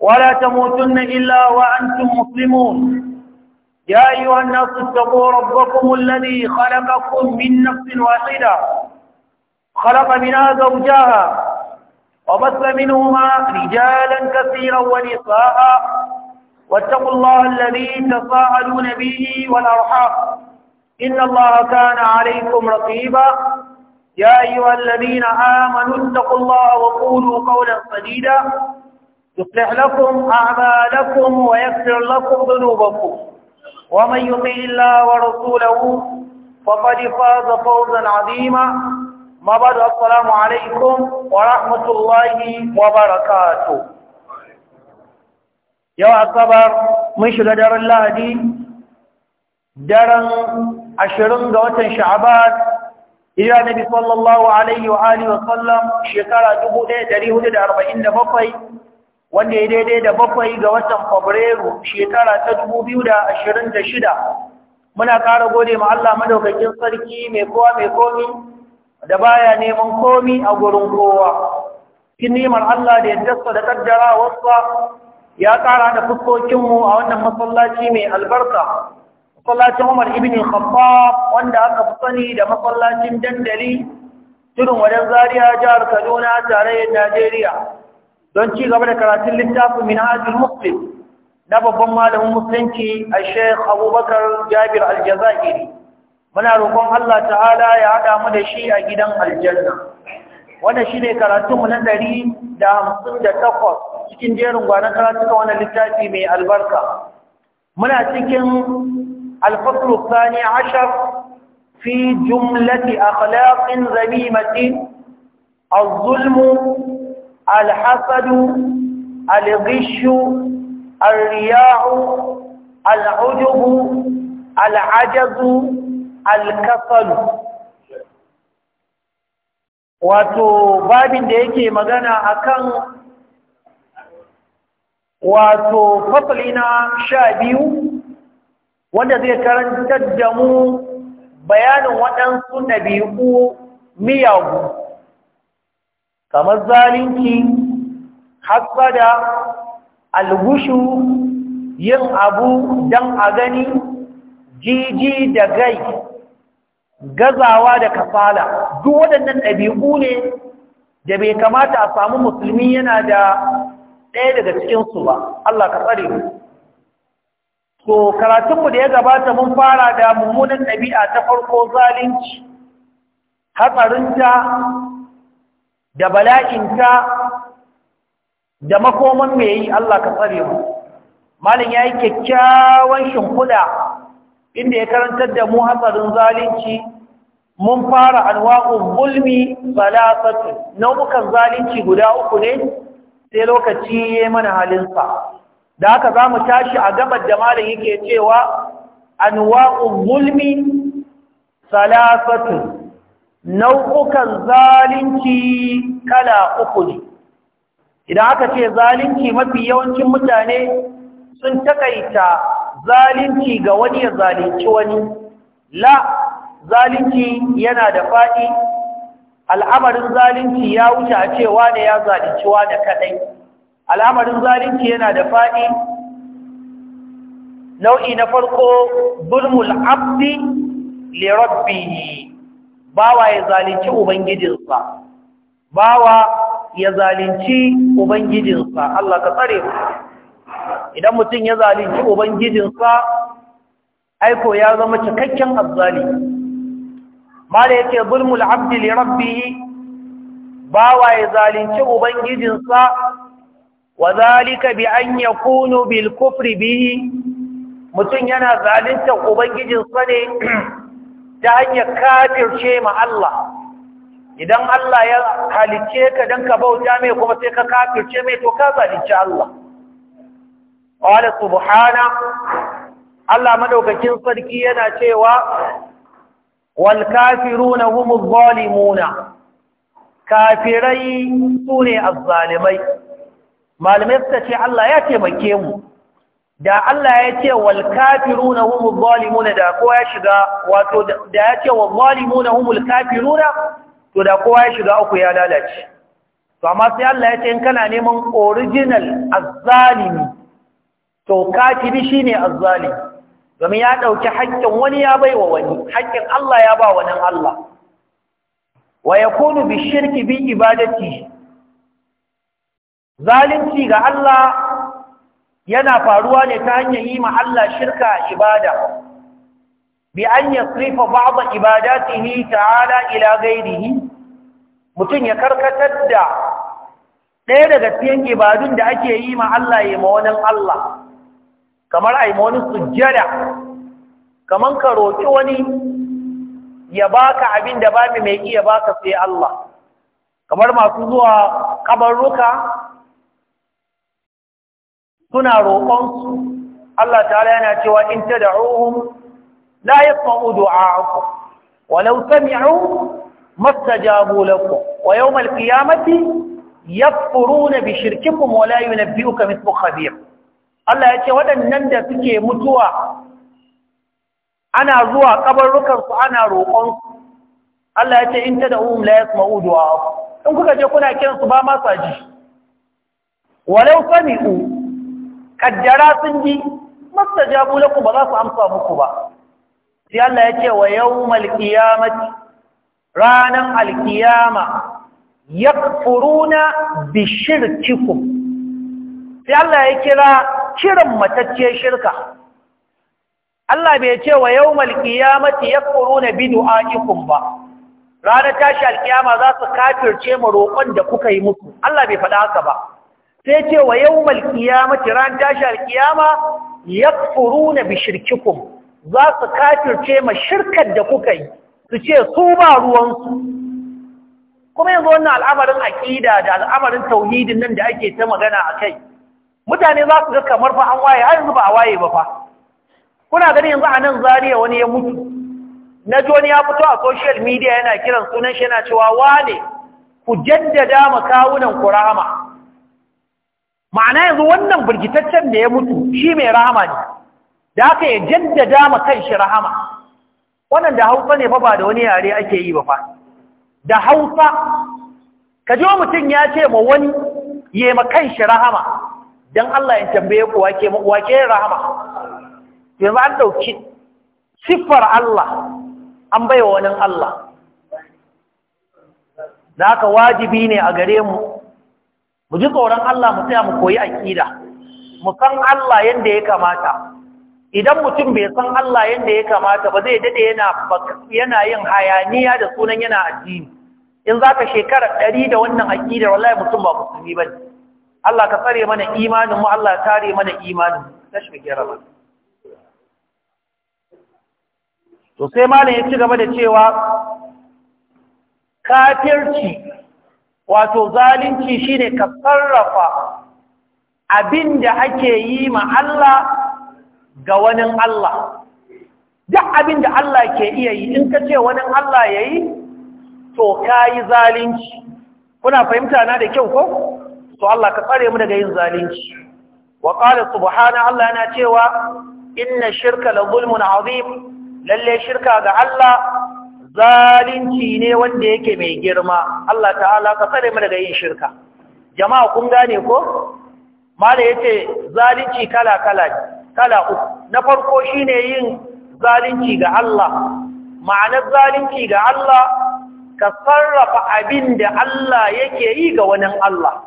ولا تموتن إلا وأنتم مسلمون يا أيها الناس اتقوا ربكم الذي خلقكم من نفس واحدة خلق منها زوجها وبث منهما رجالا كثيرا ونساء واتقوا الله الذي تساءلون به والأرحام إن الله كان عليكم رقيبا يا أيها الذين آمنوا اتقوا الله وقولوا قولا سديدا يصلح لكم أعمالكم ويغفر لكم ذنوبكم ومن يطع الله ورسوله فقد فاز فوزا عظيما ما بعد السلام عليكم ورحمة الله وبركاته يا أصبر مش قدر الله دي درن daren ashirin شعبات watan sha'aban صلى الله عليه alaihi wa alihi wa sallam أربعين bakwai. wanda ya daidai da bakwai ga watan Fabrairu shekara ta dubu biyu da da shida. muna ƙara gode ma Allah madaukakin sarki mai kowa mai komi da baya neman komi a gurin kowa kin Allah da yaddarsa da kaddara wasa ya ƙara da fuskokinmu a wannan masallaci mai albarka masallacin Umar ibn Khattab wanda aka fi sani da masallacin dandali tudun wadan Zaria jihar Kaduna tarayyar Najeriya don ci gaba da karatun littafin minhajul muslim na babban malamin musulunci a sheikh abubakar jabir aljazairi muna roƙon allah ta'ala ya haɗa mu da shi a gidan aljanna wannan shi ne karatunmu na ɗari da hamsin da takwas cikin jerin gwanon karatuka wannan littafi mai albarka muna cikin alfaslu sani ashar fi jumlati akhlaqin zamimati الظلم alhasadu alghishu arriya'u al'ujubu al'ajazu alkasalu wato babin da yake magana a kan wato fasali na sha biyu wanda zai karantar da mu bayanin waɗansu ɗabi'u miyagu kamar zalunci hasada algushu yin abu dan a gani jiji da gai gazawa da kafala duk waɗannan ɗabi'u ne da bai kamata a samu musulmi yana da ɗaya daga cikinsu ba Allah ka tsare mu to karatunmu da ya gabata mun fara da mummunan ɗabi'a ta farko zalunci hatsarinta da bala'inta da makoman mai yi Allah ka tsare mu malin yayi kyakkyawan shimfiɗa inda ya karantar da mu hatsarin zalunci mun fara anwa'u zulmi salasatu nau'ukan zalunci guda uku ne sai lokaci ya mana halin sa. da haka za mu tashi a gabar da malin yake cewa anwa'u zulmi salasatu nau'ukan zalunci kala uku ne idan aka ce zalunci mafi yawancin mutane sun takaita zalunci ga wani ya zalunci wani la zalunci yana da faɗi al'amarin zalunci ya wuce a ce wane ya zalunci wane kaɗai al'amarin zalunci yana da faɗi nau'i na farko zulmul abdi li rabbihi bawa ya zalunci ubangijinsa bawa ya zalunci ubangijinsa Allah ka tsare mu idan mutum ya zalunci ubangijinsa aiko ya zama cikakken azzali mala yake zulmul abdi li rabbih bawa ya zalunci ubangijinsa wa zalika bi an yakunu bil kufri bihi mutum yana zalunta ubangijinsa ne ta hanyar kafirce ma Allah idan Allah ya halice ka dan ka bauta mai kuma sai ka kafirce mai to ka zalunci Allah wala subhana Allah madaukakin sarki yana cewa wal kafiruna humu zalimuna kafirai sune azzalimai malamai suka ce Allah ya taimake mu da Allah ya ce wal kafiruna humul zalimuna da kowa ya shiga wato da ya ce wal zalimuna humul kafiruna to da kowa ya shiga uku ya lalace to amma sai Allah ya ce in kana neman original azzalimi to kafiri shine azzalimi domin ya dauki haƙƙin wani ya baiwa wani haƙƙin Allah ya ba wani Allah wa yakunu bi shirki bi ibadati zalunci ga Allah yana faruwa ne ta hanyar yi ma Allah shirka ibada bi an yasrifa ba'd ibadatihi ta'ala ila ghairihi mutum ya karkatar da ɗaya daga cikin ibadun da ake yi ma Allah ya ma wani Allah kamar ai ma wani sujjada kamar ka roki wani ya baka abin da babu mai iya baka sai Allah kamar masu zuwa kabarruka suna roƙonsu Allah ta'ala yana cewa in tad'uhum la yasma'u wa law sami'u mastajabu lakum wa yawm al-qiyamati yakfuruna bi shirkikum wa la yunabbi'uka mithlu khabir Allah yace wadannan da suke mutuwa ana zuwa kabarrukansu ana roƙonsu Allah yace in tad'uhum la yasma'u du'a'ukum in kuka je kuna kiransu ba ma sa ji walau sami'u kaddara sun ji mastajabu lakum ba za su amsa muku ba sai Allah ya ce wa yawmal qiyamati ranan alkiyama yakfuruna bi sai Allah ya kira kiran matacce shirka Allah bai ce wa yawmal qiyamati yakfuruna bi ba ranar tashi alkiyama za su kafirce mu roƙon da kuka yi musu Allah bai faɗa haka ba sai ce wa yawmal qiyamati ran tashi ya yakfuruna bi shirkikum za su kafirce ma shirkar da kuka yi su ce su ba ruwansu kuma yanzu wannan al'amarin aƙida da al'amarin tauhidin nan da ake ta magana a kai mutane za su ga kamar fa an waye har yanzu ba a waye ba fa kuna ganin yanzu a nan zariya wani ya mutu na joni ya fito a social media yana kiran sunan shi yana cewa wane ku jaddada ma kawunan ku rahama ma'ana yanzu wannan burgitaccen da ya mutu shi mai rahama ne da aka ya jaddada ma kanshi rahama wannan da hausa ne fa ba da wani yare ake yi ba fa da hausa ka ji mutum ya ce ma wani ya ma kanshi rahama don Allah ya tambaye ku wake wake rahama yanzu an ɗauki siffar Allah an baiwa wani Allah da ka wajibi ne a gare mu mu ji tsoron Allah mu tsaya mu koyi aƙida mu san Allah yadda ya kamata idan mutum bai san Allah yadda ya kamata ba zai dade yana yin hayaniya da sunan yana addini in zaka shekara ɗari da wannan aƙidar wallahi mutum ba musulmi bane Allah ka tsare mana imanin mu Allah ya tare mana imanin to sai malam ya ci gaba da cewa kafirci wato zalunci shine ka sarrafa abin da ake yi ma Allah ga wani Allah duk abin da Allah ke iya yi in ka ce wani Allah ya yi to ka yi zalunci kuna fahimta na da kyau ko? to Allah ka tsare mu daga yin zalunci wa qala subhana Allah yana cewa inna shirka la zulmun azim lalle shirka ga Allah zalunci ne wanda yake mai girma Allah ta'ala ka tsare mu daga yin shirka jama'a kun gane ko mala yace zalunci kala kala kala uku na farko shine yin zalunci ga Allah ma'anar zalunci ga Allah ka sarrafa abin da Allah yake yi ga wani Allah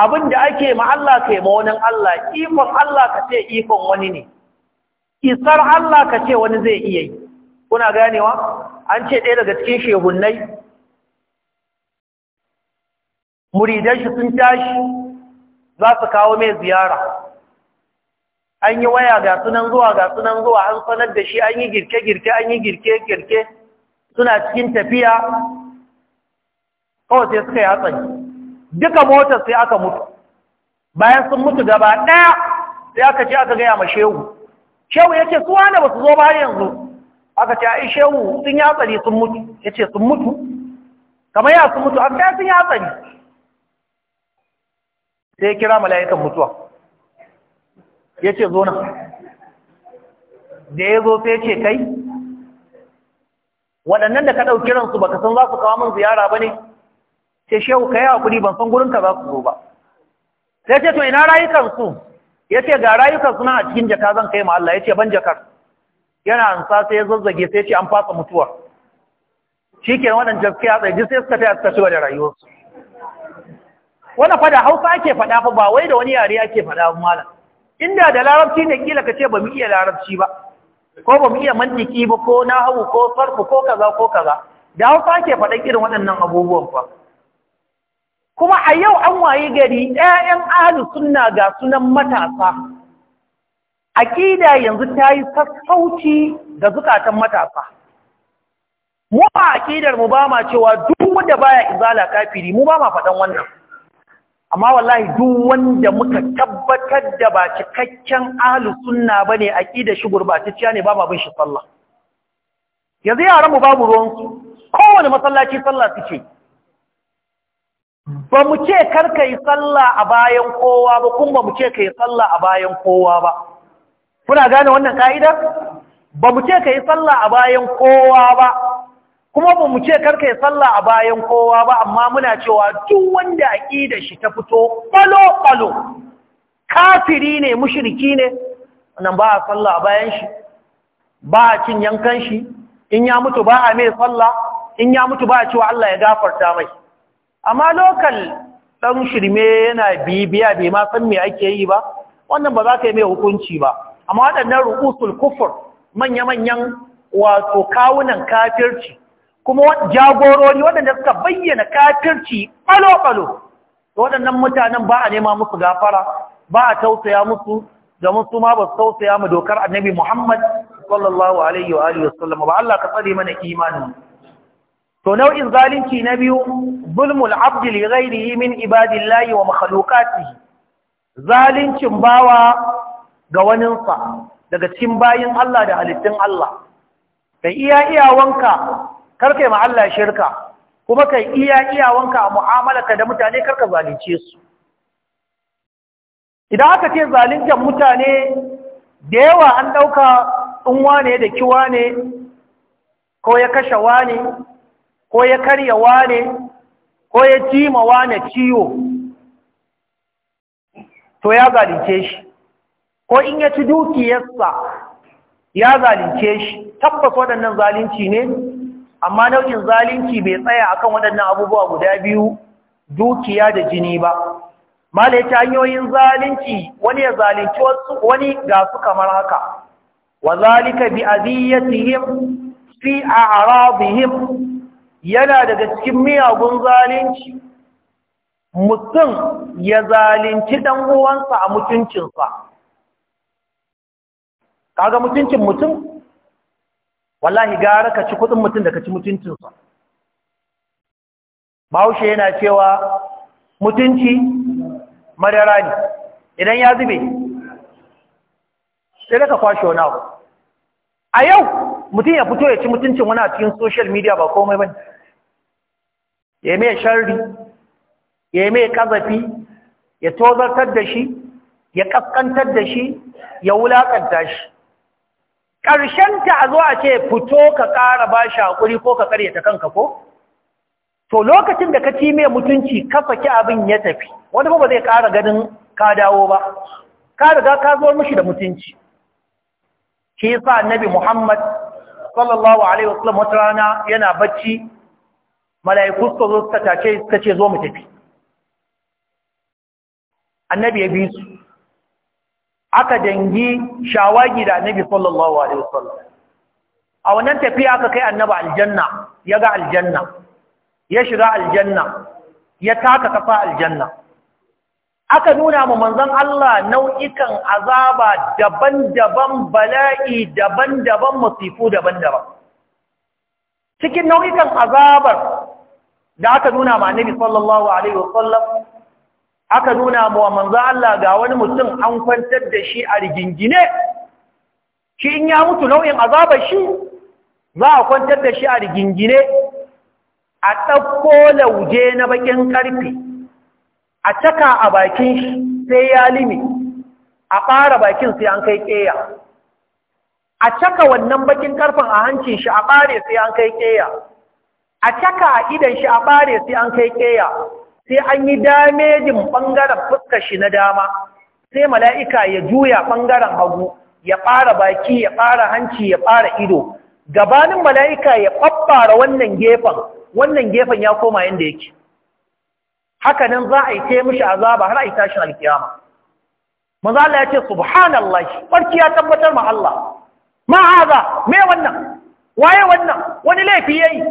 abin da ake ma Allah kai ma wani Allah ikon Allah ka ce ikon wani ne isar Allah ka ce wani zai iya yi kuna ganewa an ce ɗaya daga cikin shehunnai muridan shi sun tashi za su kawo mai ziyara an yi waya ga sunan zuwa ga sunan zuwa an sanar da shi an yi girke-girke an yi girke-girke suna cikin tafiya kawai sai suka yi hatsari duka motar sai aka mutu bayan sun mutu gaba ɗaya sai aka ce aka gaya ma shehu shehu ya ce suwa da ba su zo ba yanzu aka ce ai shehu sun ya tsari sun mutu ya ce sun mutu kamar ya sun mutu aka ce sun ya tsari sai ya kira mala'ikan mutuwa ya ce zo na. da ya zo sai ya ce kai waɗannan da ka ɗauki kiransu baka san za su kawo min ziyara ba ne ce shehu ka yi haƙuri ban san gurinka za su zo ba sai ce to ina rayukansu ya ce ga rayukansu na a cikin jaka zan kai ma Allah ya ce ban jakar yana ansa sai ya zazzage sai ce an fasa mutuwa shi ke wannan jaske a tsaye sai suka taya suka shiga da rayuwarsu wani fada hausa ake fada fa ba wai da wani yare ake fada malam inda da larabci ne kila ka ce ba mu iya larabci ba ko ba mu iya mantiki ba ko na hau ko sarfu ko kaza ko kaza da hausa ake faɗan irin waɗannan abubuwan fa kuma a yau an waye gari 'ya'yan ahlu sunna ga sunan matasa aƙida yanzu ta yi sassauci ga zukatan matasa mu a aƙidar mu ba ma cewa duk wanda baya izala kafiri mu ba ma faɗan wannan amma wallahi duk wanda muka tabbatar da ba cikakken ahlu sunna ne, aƙida shi gurbatacciya ne ba ma bin shi sallah yanzu yaran mu babu ruwan su kowane masallaci sallah suke ba mu ce kar ka yi sallah a bayan kowa ba kuma ba mu ce ka yi sallah a bayan kowa ba kuna gane wannan ka'idar ba mu ce ka yi sallah a bayan kowa ba kuma ba mu ce karka yi sallah a bayan kowa ba amma muna cewa duk wanda da shi ta fito ɓalo-ɓalo kafiri ne mushriki ne nan ba a sallah a bayan shi ba a cin yankan shi in ya mutu ba a mai sallah in ya mutu ba a cewa Allah ya gafarta mai amma lokal ɗan shirme yana bibiya bai ma san me ake yi ba wannan ba za ka yi mai hukunci ba amma waɗannan rukusul kufur manya-manyan wato kawunan kafirci kuma jagorori waɗanda suka bayyana kafirci ɓalo-ɓalo waɗannan mutanen ba a nema musu gafara ba a tausaya musu da musu ma ba su tausaya mu dokar annabi Muhammad sallallahu alaihi wa alihi wasallam ba Allah ka tsare mana imanin to nau'in zalunci na biyu zulmul abdi li ghairihi min ibadillahi wa makhluqatihi zaluncin bawa ga waninsa daga cikin bayin Allah da halittun Allah ka iya iyawanka yi ma Allah shirka kuma ka iya iyawanka a ka da mutane karka zalunce su idan aka ce zaluntar mutane da yawa an ɗauka ɗunwa ne da kiwa ne ko ya kashe wane ko ya karya wane ko ya cima wane ciwo to ya zalunce shi ko in ya ci dukiyarsa ya zalince shi tabbas waɗannan zalunci ne amma nau'in zalunci bai tsaya a kan waɗannan abubuwa guda biyu dukiya da jini ba mala ya hanyoyin zalunci wani ya zalunci wani ga su kamar haka wa zalika bi aziyatihim fi a'radihim yana daga cikin miyagun zalunci mutum ya zalunci dan uwansa a mutuncinsa kaga mutuncin mutum wallahi gara ka ci kudin mutum da ka ci mutuncinsa bahaushe yana cewa mutunci madara ne idan ya zube sai daga ka kwashe wani abu a yau mutum ya fito ya ci mutuncin wani a cikin social media ba komai ba ya mai sharri ya mai kazafi ya tozartar da shi ya kaskantar da shi ya wulakanta shi ƙarshenta a zo a ce fito ka ƙara ba shi haƙuri ko ka ta kanka ko? To lokacin da ka ci mai mutunci kafa ki abin ya tafi, wani ba zai ƙara ganin ka dawo ba, ka riga ka zo mishi da mutunci. Shi sa annabi Muhammad sallallahu Alaihi wasallam wata rana yana bacci, mala'iku suka zo suka tace ce zo mu tafi. Annabi ya bi su, aka dangi shawagi da annabi sallallahu alaihi wasallam a wannan tafiya aka kai annabi aljanna ya ga aljanna ya shiga aljanna ya taka kafa aljanna aka nuna mu manzon Allah nau'ikan azaba daban-daban bala'i daban-daban musifu daban-daban cikin nau'ikan azabar da aka nuna ma annabi sallallahu alaihi wasallam aka nuna wa manzo Allah ga wani mutum an kwantar da shi a rigingine shi in ya mutu nau'in azabar shi za a kwantar da shi a rigingine a ɗauko lauje na bakin ƙarfe a caka a bakin shi sai ya limi a ɓara bakin sai an kai ƙeya a caka wannan bakin ƙarfen a hancin shi a ɓare sai an kai ƙeya a caka a idan shi a ɓare sai an kai ƙeya sai an yi damejin ɓangaren fuskar shi na dama sai mala'ika ya juya ɓangaren hagu ya ɓara baki ya ɓara hanci ya ɓara ido gabanin mala'ika ya ɓaɓɓara wannan gefen wannan gefen ya koma yadda yake haka nan za a yi ta mishi azaba har a yi tashin alkiyama maza Allah ya ce subhanallah barki ya tabbatar ma Allah ma haza me wannan waye wannan wani laifi yayi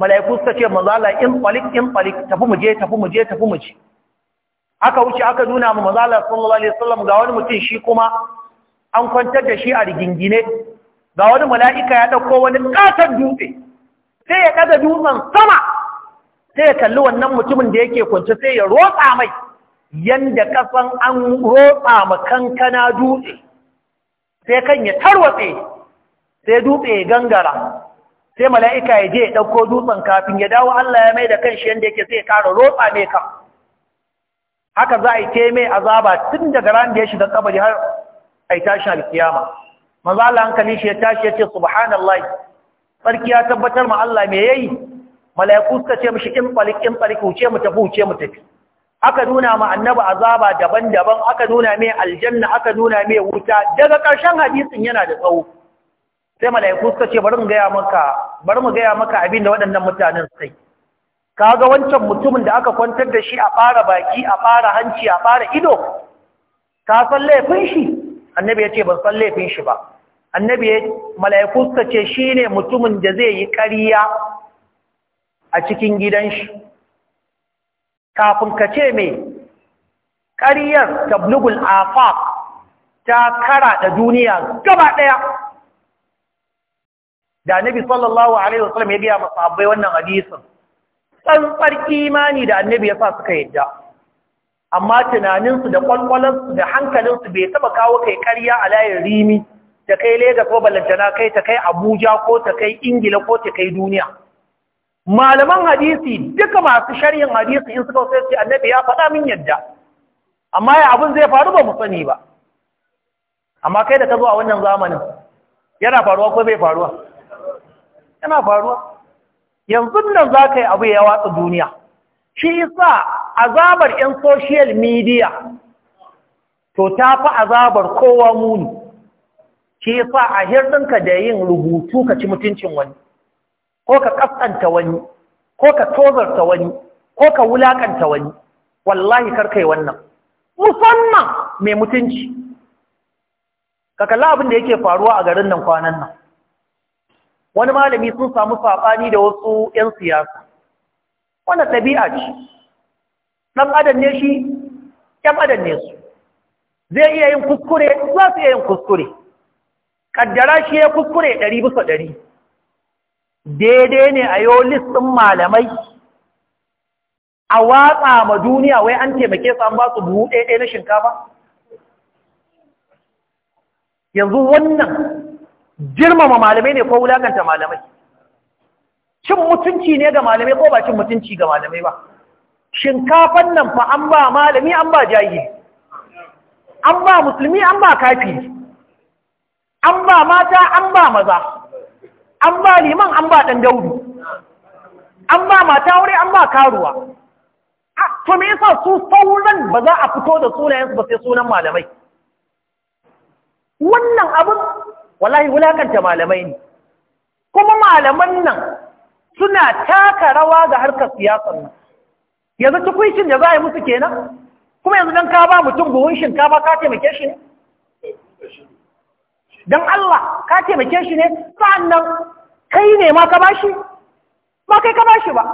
mala'iku suka ce manzo Allah in talik in talik tafi mu je tafi mu je tafi mu ci. aka wuce aka nuna mu manzo Allah sallallahu alaihi wasallam ga wani mutum shi kuma an kwantar da shi a rigingine ga wani mala'ika ya dauko wani katon dutse sai ya kada dutsen sama sai ya kalli wannan mutumin da yake kwance sai ya rotsa mai yanda kasan an rotsa ma kankana dutse sai kan ya tarwatse sai dutse ya gangara sai mala'ika ya je ya ɗauko dutsen kafin ya dawo Allah ya mai da kan shi yadda yake sai ya ƙara rotsa mai kan haka za a yi ke mai azaba tun daga ran da ya shiga kabari har a yi tashin alkiyama maza Allah hankali shi ya tashi ya ce subhanallah. sarki ya tabbatar ma Allah me yayi mala'iku suka ce mashi in balik in balik wuce mu tafi wuce mu tafi aka nuna ma annaba azaba daban-daban aka nuna mai aljanna aka nuna mai wuta daga ƙarshen hadisin yana da tsawo sai mala'iku suka ce bari mu gaya maka bari abin da waɗannan mutanen sai Ka ga wancan mutumin da aka kwantar da shi a fara baki a fara hanci a fara ido ka san laifin shi annabi ya ce ban san laifin shi ba annabi ya mala'iku suka ce shine mutumin da zai yi ƙarya a cikin gidan shi kafin ka ce mai ƙariyar tablugul Afaf ta kara da duniya gaba ɗaya da annabi sallallahu alaihi wasallam ya gaya ma abai wannan hadisin tsantsar imani da annabi ya sa suka yadda amma tunaninsu da kwalkwalansu da hankalinsu bai taba kawo kai karya a layin rimi ta kai Legas ko balantana kai ta kai Abuja ko ta kai Ingila ko ta kai duniya malaman hadisi duka masu sharhin hadisi in suka sai annabi ya faɗa min yadda amma ya abin zai faru ba mu sani ba amma kai da ka zo a wannan zamanin yana faruwa ko bai faruwa yana faruwa yanzu nan za ka yi abu ya watsa duniya shi isa azabar 'yan social media to ta fi azabar kowa muni shi isa a hirɗinka da yin rubutu ka ci mutuncin wani ko ka ƙasƙanta wani ko ka tozarta wani ko ka wulaƙanta wani wallahi karkai wannan musamman mai mutunci ka kalla abin da yake faruwa a garin nan kwanan nan wani malami sun samu saɓani da wasu 'yan siyasa wannan ɗabi'a ce ɗan adan ne shi ‘yan adan ne su zai iya yin kuskure za su iya yin kuskure ƙaddara shi ya kuskure ɗari bisa ɗari daidai ne a yau listin malamai a watsa ma duniya wai an taimake su an ba su buhu ɗaya na shinkafa yanzu wannan girmama malamai ne ko wulaƙanta malamai cin mutunci ne ga malamai ko ba cin mutunci ga malamai ba shinkafan nan fa an ba malami an ba jayi an ba musulmi an ba kafi an ba mata an ba maza an ba liman an ba ɗan daudu an ba mata wuri an ba karuwa to me yasa su sauran ba za a fito da sunayensu ba sai sunan malamai wannan abin wallahi wulakanta malamai ne kuma malaman nan suna taka rawa ga harkar siyasar nan yanzu tukuncin da za a yi musu kenan kuma yanzu don ka ba mutum buhun shinkafa ka taimake shi ne don Allah ka taimake shi ne sa'annan kai ne ma ka bashi ma kai ka bashi ba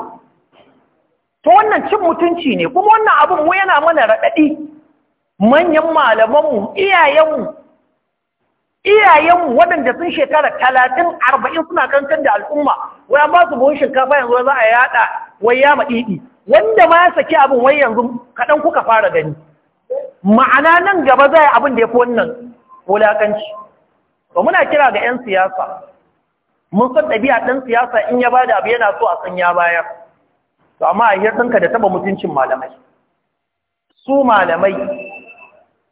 to wannan cin mutunci ne kuma wannan abin mu yana mana raɗaɗi manyan malamanmu iyayenmu iyayenmu waɗanda sun shekara talatin arba'in suna kankan da al'umma wai an ba su buhun shinkafa yanzu za a yaɗa wai ya maɗiɗi wanda ma ya saki abin wai yanzu kaɗan kuka fara gani ma'ana nan gaba za a abin da ya fi wannan wulaƙanci ba muna kira ga 'yan siyasa mun san ɗabi'a ɗan siyasa in ya ba da abu yana so a san ya bayar to amma a hirɗinka da taɓa mutuncin malamai su malamai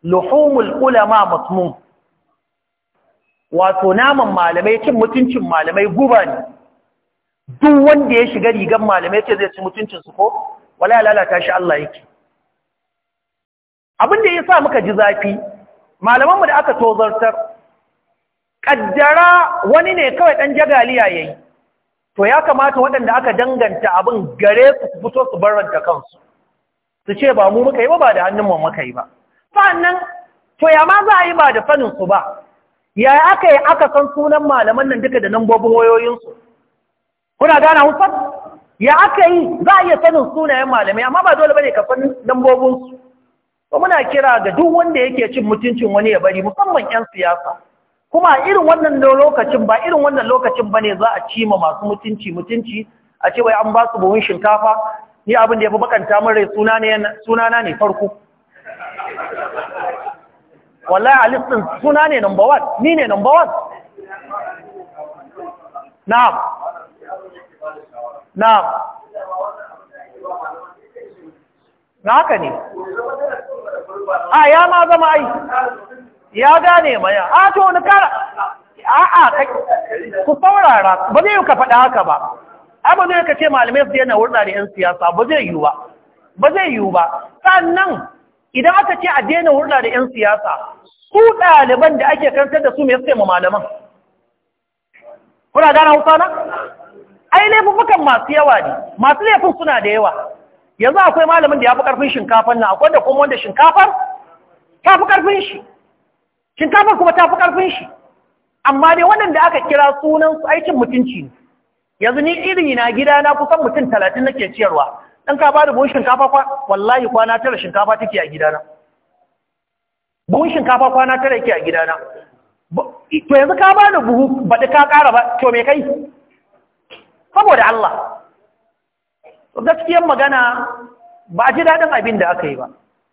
luhumul ulama masmum wato naman malamai cin mutuncin malamai guba ne duk wanda ya shiga rigar malamai ce zai ci mutuncinsu ko wala lalata shi Allah yake abin da ya sa muka ji zafi malamanmu da aka tozartar kaddara wani ne kawai ɗan jagaliya ya yi to ya kamata waɗanda aka danganta abin gare su fito su barranta kansu su ce ba mu muka yi ba ba da hannunmu muka yi ba Sannan to ya ma za a yi ba da saninsu ba yaya aka yi aka san sunan malaman nan duka da nambobin wayoyinsu kuna gana husar ya aka yi za a iya sanin sunayen malamai amma ba dole bane ka san nambobinsu ba muna kira ga duk wanda yake cin mutuncin wani ya bari musamman 'yan siyasa kuma irin wannan lokacin ba irin wannan lokacin bane za a ma masu mutunci mutunci a ce wai an ba su buhun shinkafa ni abin da ya fi bakanta min rai sunana ne farko wallahi a listin suna ne number one ni ne number one na'am na'am na haka ne a ya ma zama ai ya gane maya a to wani kara a a ku saurara ba zai yi ka faɗa haka ba Abu zai ka ce malamai su yana wurɗa da 'yan siyasa ba zai yiwu ba ba zai yiwu ba sannan idan aka ce a daina hurɗa da 'yan siyasa su ɗaliban da ake kantar da su mai suke ma malaman kuna gana hausa na ai laifukan masu yawa ne masu laifin suna da yawa yanzu akwai malamin da ya fi ƙarfin shinkafar na akwai da kuma wanda shinkafar ta fi ƙarfin shi shinkafar kuma ta fi ƙarfin shi amma dai waɗanda aka kira sunan su aikin mutunci ne yanzu ni iri na gida na kusan mutum talatin nake ciyarwa dan ka da buhun shinkafa kwa wallahi kwana tara shinkafa take a gidana buhun shinkafa kwana tara yake a gidana to yanzu ka da buhu baɗi ka ƙara ba to me kai saboda Allah gaskiyar magana ba a ji daɗin abin da aka yi ba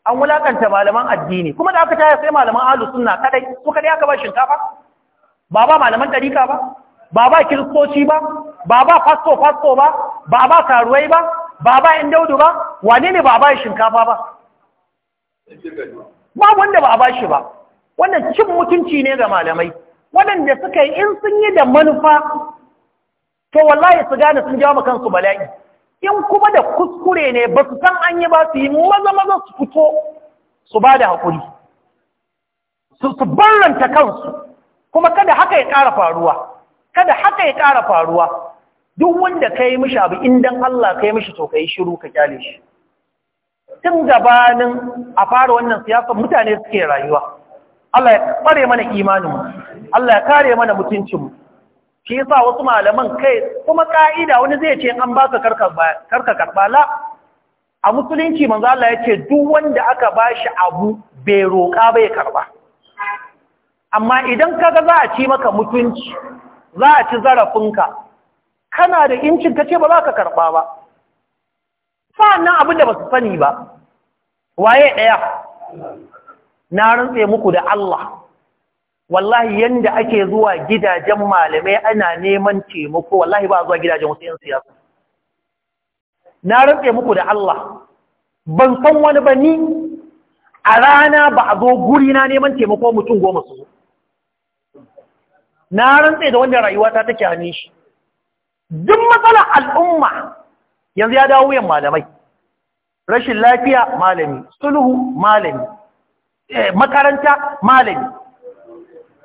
an wulakanta malaman addini kuma da aka taya sai malaman ahlus sunna kadai su kadai aka ba shinkafa ba ba malaman ɗarika ba ba ba kiristoci ba ba ba fasto fasto ba ba ba karuwai ba ba in daudu ba wane ne ba ba shinkafa ba ba wanda ba ba shi ba wannan cin mutunci ne ga malamai waɗanda suka yi in sun yi da manufa to wallahi su gane sun jawo kansu bala'i in kuma da kuskure ne ba su san an yi ba su yi maza maza su fito su ba da haƙuri su su barranta kansu kuma kada haka ya ƙara faruwa kada haka ya ƙara faruwa duk wanda ka yi mishi abu indan Allah ka yi mishi to ka yi shiru ka kyale shi tun gabanin a fara wannan siyasa mutane suke rayuwa Allah ya kare mana imaninmu Allah ya kare mana mutuncinmu shi yasa wasu malaman kai kuma ka'ida wani zai ce an baka karka karba la a musulunci manzo Allah ya ce duk wanda aka bashi abu bai roƙa bai karɓa. amma idan kaga za a ci maka mutunci za a ci zarafinka kana da incin ka ce ba za ka karɓa ba sa'annan abin da ba su sani ba waye ɗaya na rantse muku da Allah wallahi yanda ake zuwa gidajen malamai ana neman taimako wallahi ba zuwa gidajen wasu 'yan siyasa na rantse muku da Allah ban san wani ba ni a rana ba a zo guri na neman taimako mutum goma su na rantse da wanda rayuwa ta take hannun shi duk matsalar al'umma yanzu ya dawo yin malamai rashin lafiya malami sulhu malami eh, makaranta malami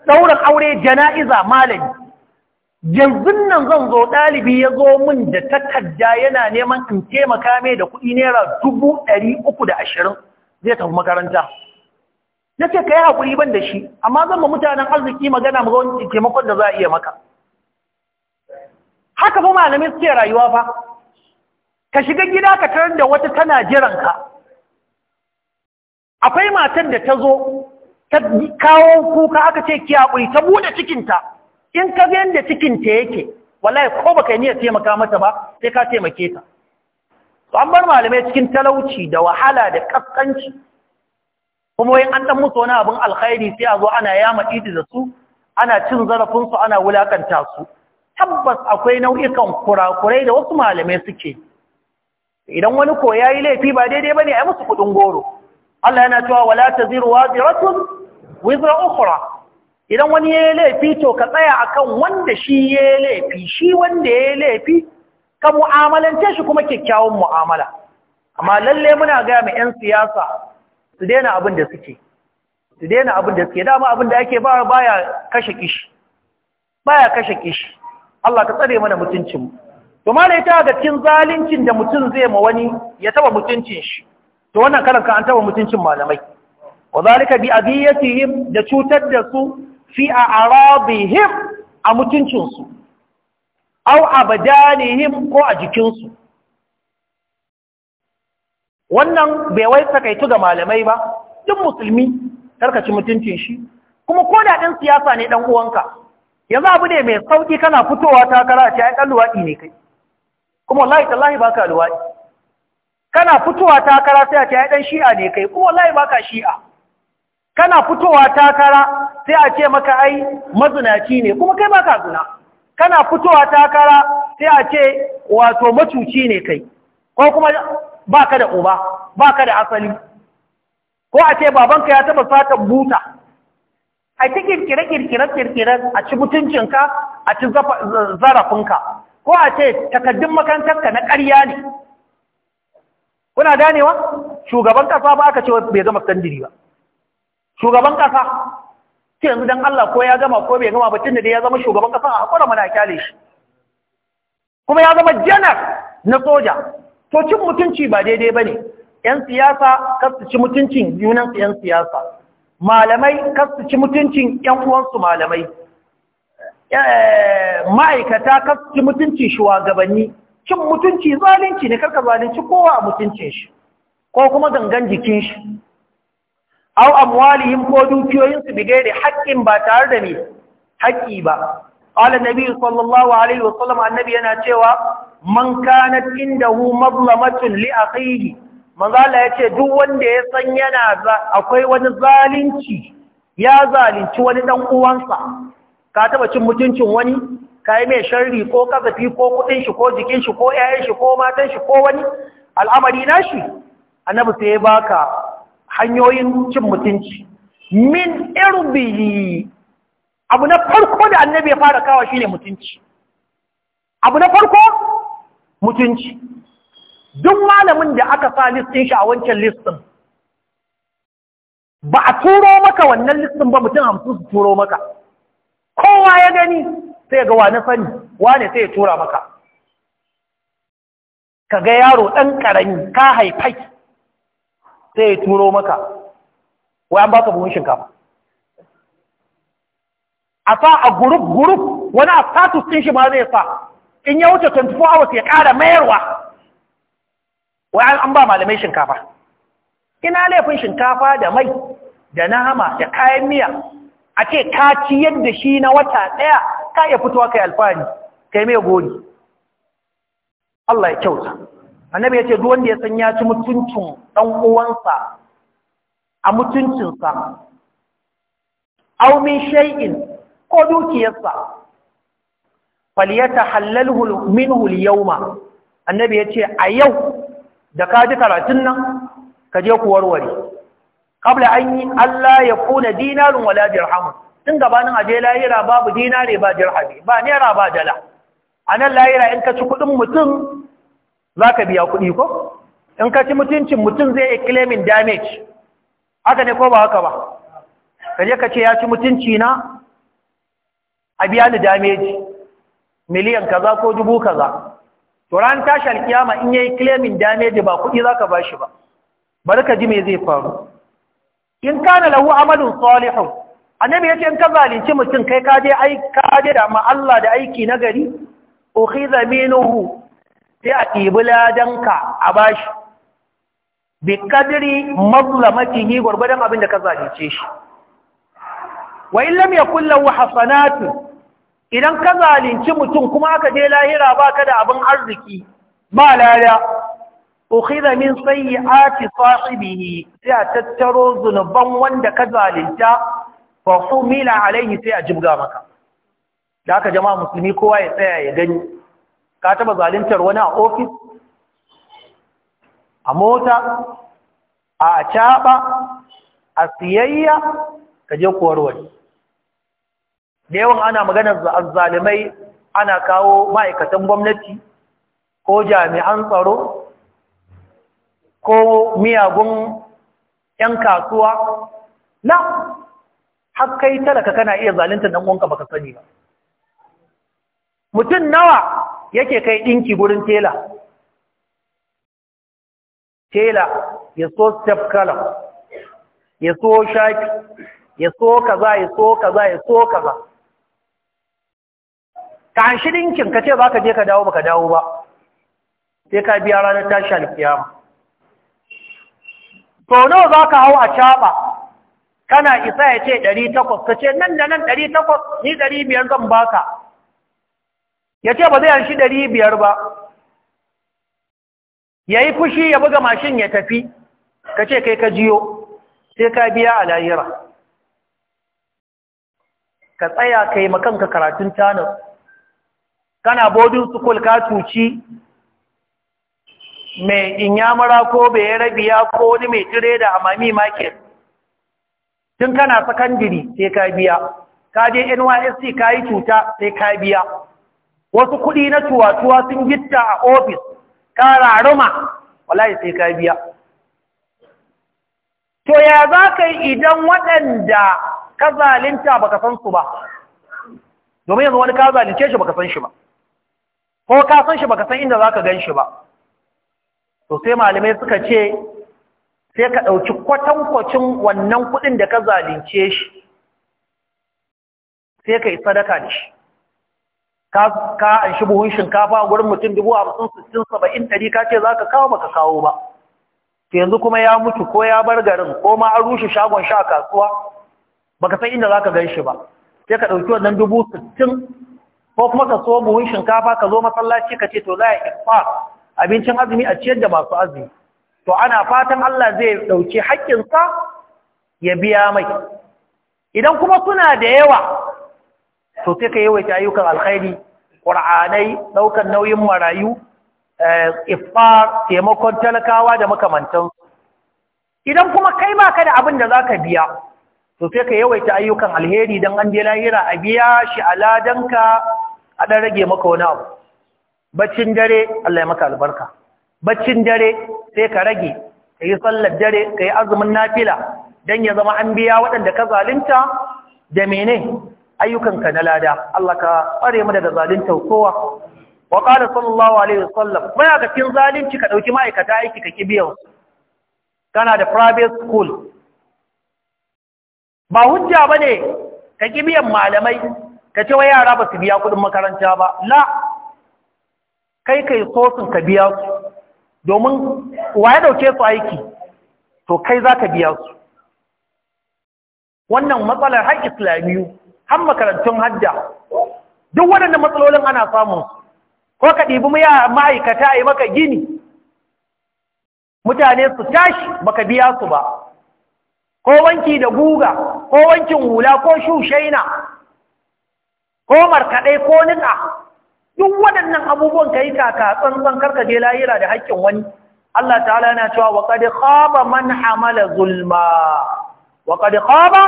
ɗaurin aure jana'iza malami Yanzun nan zan zo ɗalibi ya zo min da takarda yana neman in taimaka mai da kuɗi naira dubu ɗari uku da ashirin zai tafi makaranta na ce ka yi haƙuri ban da shi amma zan ma mutanen arziki magana ga wani taimakon da za a iya maka haka fa malamai suke rayuwa fa ka shiga gida ka tarar da wata tana jiran ka akwai matan da ta zo ta kawo kuka aka ce ki haƙuri ta buɗe cikinta in ka ga yadda cikinta yake wallahi ko baka yi niyyar taimaka mata ba sai ka taimake ta to an bar malamai cikin talauci da wahala da kaskanci kuma wai an dan musu wani abin alkhairi sai a zo ana yama idi da su ana cin zarafin su ana wulakanta su tabbas akwai nau'ikan kurakurai da wasu malamai suke idan wani ko yi laifi ba daidai ba bane ai musu kudin goro Allah yana cewa wala taziru waziratun wizra ukhra idan wani ya yi laifi to ka tsaya akan wanda shi ya yi laifi shi wanda ya yi laifi ka mu'amalance shi kuma kyakkyawan mu'amala amma lalle muna gaya ma yan siyasa su daina abin da suke su daina abin da suke dama abin da ake ba baya kashe kishi baya kashe kishi Allah ka tsare mana mutuncin mu to malai ta ga cikin zalincin da mutum zai ma wani ya taba mutuncin shi to wannan karan ka an taba mutuncin malamai wa zalika bi adiyatihim da cutar da su fi a'radihim a mutuncin su aw abdanihim ko a jikin su wannan bai wai sakaitu ga malamai ba duk musulmi ci mutuncin shi kuma ko da ɗin siyasa ne dan uwanka yanzu abu ne mai sauki kana fitowa takara a cikin ɗan dan ne kai kuma wallahi tallahi baka luwaɗi kana fitowa takara sai a ce ɗan dan shi'a ne kai kuma wallahi baka shi'a kana fitowa takara sai a ce maka ai mazinaci ne kuma kai baka zina kana fitowa takara sai a ce wato macuci ne kai ko kuma baka da uba baka da asali ko a ce babanka ya taba satan buta a ta kirkire kirkire kirkire a ci mutuncinka a ci zarafinka ko a ce takaddun ka na ƙarya ne kuna ganewa shugaban ƙasa ba aka ce bai gama sandiri ba shugaban ƙasa ce yanzu don Allah ko ya gama ko bai gama batun da ya zama shugaban ƙasa a haƙura mana kyale shi kuma ya zama janar na soja to cin mutunci ba daidai ba ne ‘yan siyasa kasu ci mutuncin yunan ‘yan siyasa malamai kasu ci mutuncin ‘yan uwansu malamai, eh, ma'aikata kasu ci mutuncin shugabanni, cin mutunci zalunci ne karka zalunci kowa a mutuncin shi, ko kuma gangan jikin shi. Au amwalihim ko dukiyoyinsu bigai da haƙƙin ba tare da mai haƙƙi ba. Ƙwale Nabi sallallahu Alaihi wasallam annabi yana cewa, Man kanat inda hu mazlamatun li akhihi manzala ya ce duk wanda ya san yana akwai wani zalunci ya zalunci wani dan uwansa ka taba cin mutuncin wani ka yi mai sharri ko kazafi ko kudin shi ko jikin shi ko yayin shi ko matan shi ko wani al'amari na shi annabi sai ya baka hanyoyin cin mutunci min irbihi abu na farko da annabi ya fara kawo shine mutunci abu na farko mutunci duk malamin da aka sa listin shi a wancan listin ba a turo maka wannan listin ba mutum hamsin su turo maka kowa ya gani sai ga wani sani wane sai ya tura maka ka ga yaro ɗan ƙarami ka haifai sai ya turo maka wai an baka buhun shinkafa a sa a gurup gurup wani a status ɗin shi ma zai sa in ya wuce 24 hours ya ƙara mayarwa wai an ba malamai shinkafa ina laifin shinkafa da mai da nama da kayan miya a ce ka ciyar da shi na wata ɗaya ka iya fitowa kai alfahari kai mai gori Allah ya kyauta annabi ya ce duk wanda ya san ya ci mutuncin ɗan uwansa a mutuncinsa au min shay'in ko dukiyarsa falyatahallalhu minhu al-yawma annabi ya ce a yau da ka ji karatun nan ka je ku warware Kabla an yi Allah ya kuna dinarin wala dirhamun tun gabanin aje lahira babu dinare ba dirhami ba naira ba dala a nan lahira in ka ci kuɗin mutum za ka biya kuɗi ko in ka ci mutuncin mutum zai yi claiming damage haka ne ko ba haka ba ka je ka ce ya ci mutunci na a biya ni damage miliyan kaza ko dubu kaza to ran tashi alkiyama in yayi claiming damage ba kuɗi zaka bashi ba bari ka ji me zai faru in kana lahu amalun Salihu, annabi yace in ka zalunci mutum kai ka je ai ka je da ma Allah da aiki na gari ukhiza minhu sai a ɗibi ladanka a bashi bi kadri mazlamatihi gurgurdan abin da ka zalunce shi wa illam lam yakul idan ka zalunci mutum kuma aka je lahira ba ka da abin arziki ba lariya ukhidha min sayyi'ati sahibihi sai a tattaro zunuban wanda ka zalunta fa humila alaihi sai a jibga maka da aka jama'a musulmi kowa ya tsaya ya gani ka taba zaluntar wani a ofis a mota a caba a siyayya ka je kowarwani da yawan ana maganar zalimai, ana kawo ma'aikatan gwamnati ko jami'an tsaro ko miyagun 'yan kasuwa na yi talaka kana iya zalunta don uwanka baka sani ba mutum nawa yake kai ɗinki gurin tela tela ya so step color ya so shafi ya so kaza ya so kaza ya so kaza ka an shi ɗinkin ka ce ba ka je ka dawo ba ka dawo ba sai ka biya ranar tashi alkiyama to nawa za ka hau a caɓa kana isa ya ce ɗari takwas ka ce nan da nan ɗari takwas ni ɗari biyar zan baka ya ce ba zai an shi ɗari biyar ba ya yi fushi ya buga mashin ya tafi ka ce kai ka jiyo sai ka biya a layira ka tsaya ka yi makanka karatun tanar kana bodin sukul ka cuci mai inyamara ko bai rabiya ko wani mai tire da amami market tun kana sakandiri sai ka biya ka je nysc ka yi cuta sai ka biya wasu kuɗi na tuwatuwa sun gitta a ofis ka ruma wallahi sai ka biya to ya za ka yi idan waɗanda ka zalinta ba ka san su ba domin yanzu wani ka zalince shi ba ka san shi ba ko ka san shi baka san inda zaka gan shi ba to sai malamai suka ce sai ka ɗauki kwatankwacin wannan kuɗin da ka zalince shi sai ka yi sadaka da shi ka an shi buhun shinkafa gurin mutum dubu hamsin sittin saba'in ɗari ka ce za ka kawo baka kawo ba ke yanzu kuma ya mutu ko ya bar garin ko ma an rushe shagon sha kasuwa baka san inda zaka ka gan shi ba sai ka ɗauki wannan dubu sittin ko kuma ka so buhun shinkafa ka zo masallaci ka ce to za a ifa abincin azumi a ciyar da masu azumi to ana fatan Allah zai ɗauki sa ya biya mai idan kuma suna da yawa to sai ka yawaita ayyukan alkhairi ƙur'anai ɗaukar nauyin marayu eh, ifar taimakon talakawa da makamantansu idan kuma kai ba ka da abin da zaka biya to sai ka yawaita ayyukan alheri dan an je lahira a biya shi aladanka a ɗan rage maka wani abu baccin dare Allah ya maka albarka baccin dare sai ka rage ka yi sallar dare ka yi azumin nafila don ya zama an biya waɗanda ka zalunta da mene ayyukanka na lada Allah ka ƙware mu daga zalunta kowa wa ƙada sallallahu alaihi wasallam baya ga cikin zalunci ka ɗauki ma'aikata aiki ka kibiyar kana da private school ba hujja bane ka biyan malamai ka ce wai yara ba su biya kuɗin makaranta ba la kai kai sosin ka biya su domin wa ya dauke su aiki to kai za ka biya su wannan matsalar har islamiyu har makarantun hajja duk waɗanda matsalolin ana samun ko ka ɗibi ma'aikata a yi maka gini mutane su tashi baka biya su ba ko wanki da guga ko wankin hula ko shushaina ko markaɗe ko nitsa duk waɗannan abubuwan ka yi kaka tsantsan karka je lahira da haƙƙin wani Allah ta'ala yana cewa wa qad khaba man hamala zulma wa qad khaba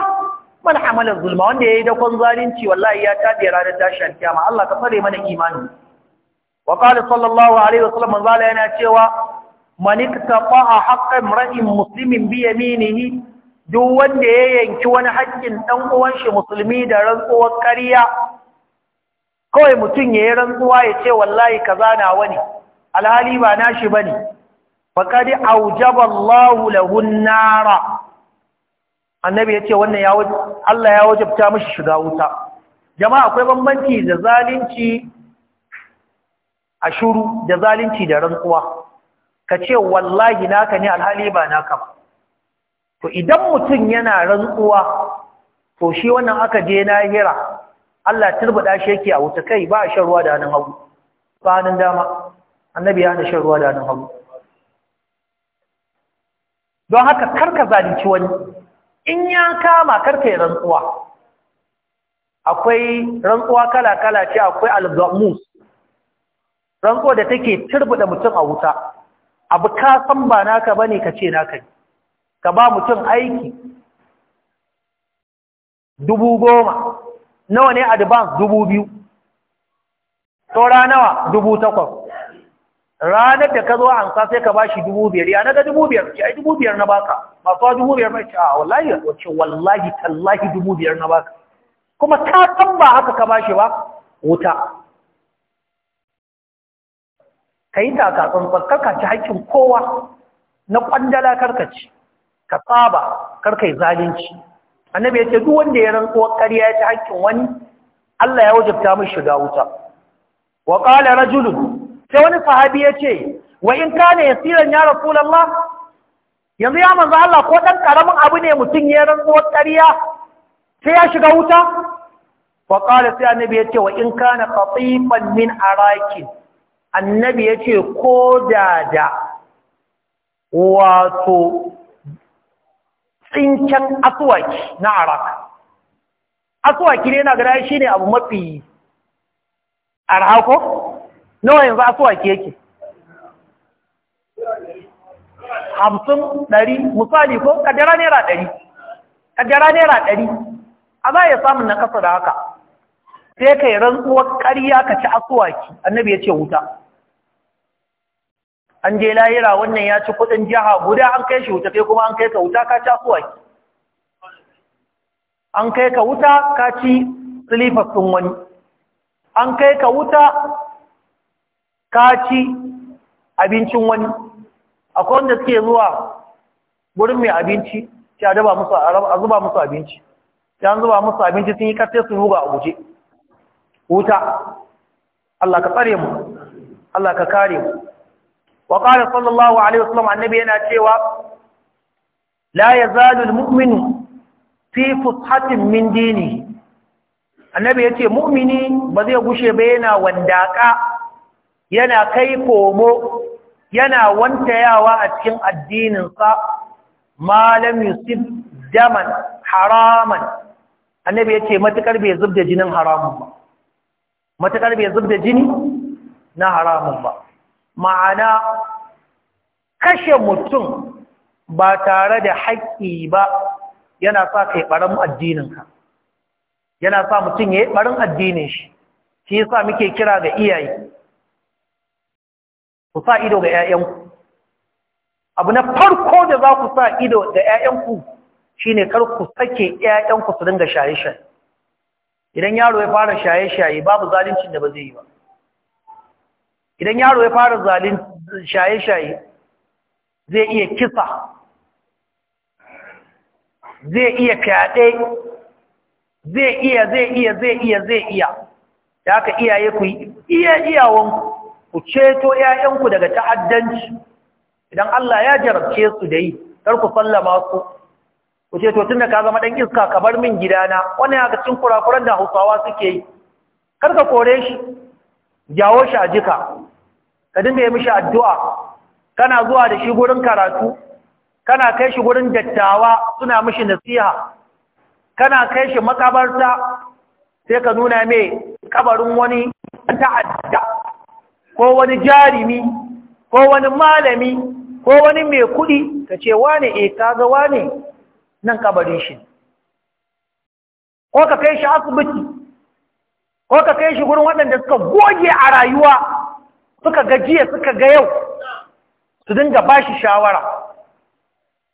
man hamala zulma wanda yayi dakon zalunci wallahi ya tabe ranar tashin kiyama Allah ka fare mana imani wa qala sallallahu alaihi wa sallam manzala yana cewa man iktafa haqqan ra'in muslimin bi yaminihi duk wanda ya yanki wani haƙƙin dan uwan shi musulmi da rantsuwar ƙarya kawai mutum ya yi rantsuwa ya ce wallahi ka zana wani alhali ba na nashi ba faqad aujaba Allahu lahu nara annabi yace wannan Allah ya wajabta mashi shiga wuta jama'a akwai bambanci da zalunci a shuru da zalunci da rantsuwa ka ce wallahi naka ne alhali ba naka ba to idan mutum yana rantsuwa to shi wannan aka je na hira Allah turbada shi yake a wuta kai ba shan ruwa da hannun hagu ba hannun dama annabi ya hana shan ruwa da hannun hagu don haka karka zalunci wani in ya kama karka yi rantsuwa akwai rantsuwa kala-kala ce akwai al zamus rantsuwa da take turbada mutum a wuta abu ka san ba naka bane ka ce naka yi, ka ba mutum aiki dubu goma nawa ne advance dubu biyu saura nawa dubu takwas ranar da ka zo an sa sai ka ba shi dubu biyar ya naga dubu biyar ce ai dubu biyar na baka masu dubu biyar mai ce a wallahi wacce wallahi tallahi dubu biyar na baka kuma ka san ba haka ka ba shi ba wuta ka yi taka takatsun tsarkaka ci haƙƙin kowa na ƙwandala karkaci ka tsaba karkai zalunci annabi ya ce duk wanda ya rantsuwa ƙarya ya ci haƙƙin wani Allah ya wajabta mai shiga wuta wa qala rajulun sai wani sahabi ya ce wa in kana yasiran ya rasulullah yanzu ya manzo Allah ko dan karamin abu ne mutum ya rantsuwa ƙarya sai ya shiga wuta wa qala sai annabi ya ce wa in kana qatifan min arakin annabi ya ce ko da da wato tsinken aswaki na arak aswaki ne na gada shi ne abu mafi arhako nawa yanzu aswaki yake hamsin ɗari misali ko ƙaddara naira ɗari ƙaddara naira ɗari a za a yi samun na ƙasa da haka sai ka yi rantsuwar ƙariya ka ci aswaki annabi ya ce wuta an je lahira wannan ya ci kudin jiha guda an kai shi wuta kai kuma an kai ka wuta ka ci kuwa an kai ka wuta ka ci silifafin wani an kai ka wuta ka ci abincin wani akwai wanda suke zuwa wurin mai abinci sai a daba musu a zuba musu abinci sai an zuba musu abinci sun yi karfe su ruga a guje wuta Allah ka tsare mu Allah ka kare mu wa qala sallallahu alaihi wasallam annabi yana cewa la yazalu almu'minu fi futhatin min dini annabi yace mu'mini ba zai gushe ba yana wandaka yana kai komo yana wantayawa a cikin addininsa malam yusuf daman haraman annabi ya ce matukar bai zubda jinin haramun ba matakar bai zubda da jini na haramun ba ma'ana kashe mutum ba tare da haƙƙi ba yana sa ka yi ɓarin addininka yana sa mutum ya yi ɓarin addinin shi shi yasa muke kira ga iyaye ku sa ido ga 'ya'yanku abu na farko da za ku sa ido ga 'ya'yanku shine kar ku sake 'ya'yanku su dinga shaye-shaye idan yaro ya fara shaye-shaye babu zalincin da ba zai yi ba idan yaro ya fara zalin shaye-shaye zai iya kisa zai iya fyaɗe zai iya zai iya zai iya zai iya da haka iyaye ku iya iyawanku ku ceto 'ya'yanku daga ta'addanci idan Allah ya jarabce su da yi kar ku sallama su ku ceto tun da ka zama ɗan iska ka bar min gidana Wani haka cin kurakuran da hausawa suke yi kar ka kore shi jawo shi a jika ka dinga yi mishi addu'a kana zuwa da shi gurin karatu kana kai shi gurin dattawa suna mishi nasiha kana kai shi makabarta sai ka nuna mai kabarin wani ta'adda ko wani jarimi ko wani malami ko wani mai kuɗi ka ce wane e eh, kaga wane nan kabarin shi ko ka kai shi asibiti ko ka kai shi gurin waɗanda suka goge a rayuwa suka gajiya suka ga yau su dinga ba shi shawara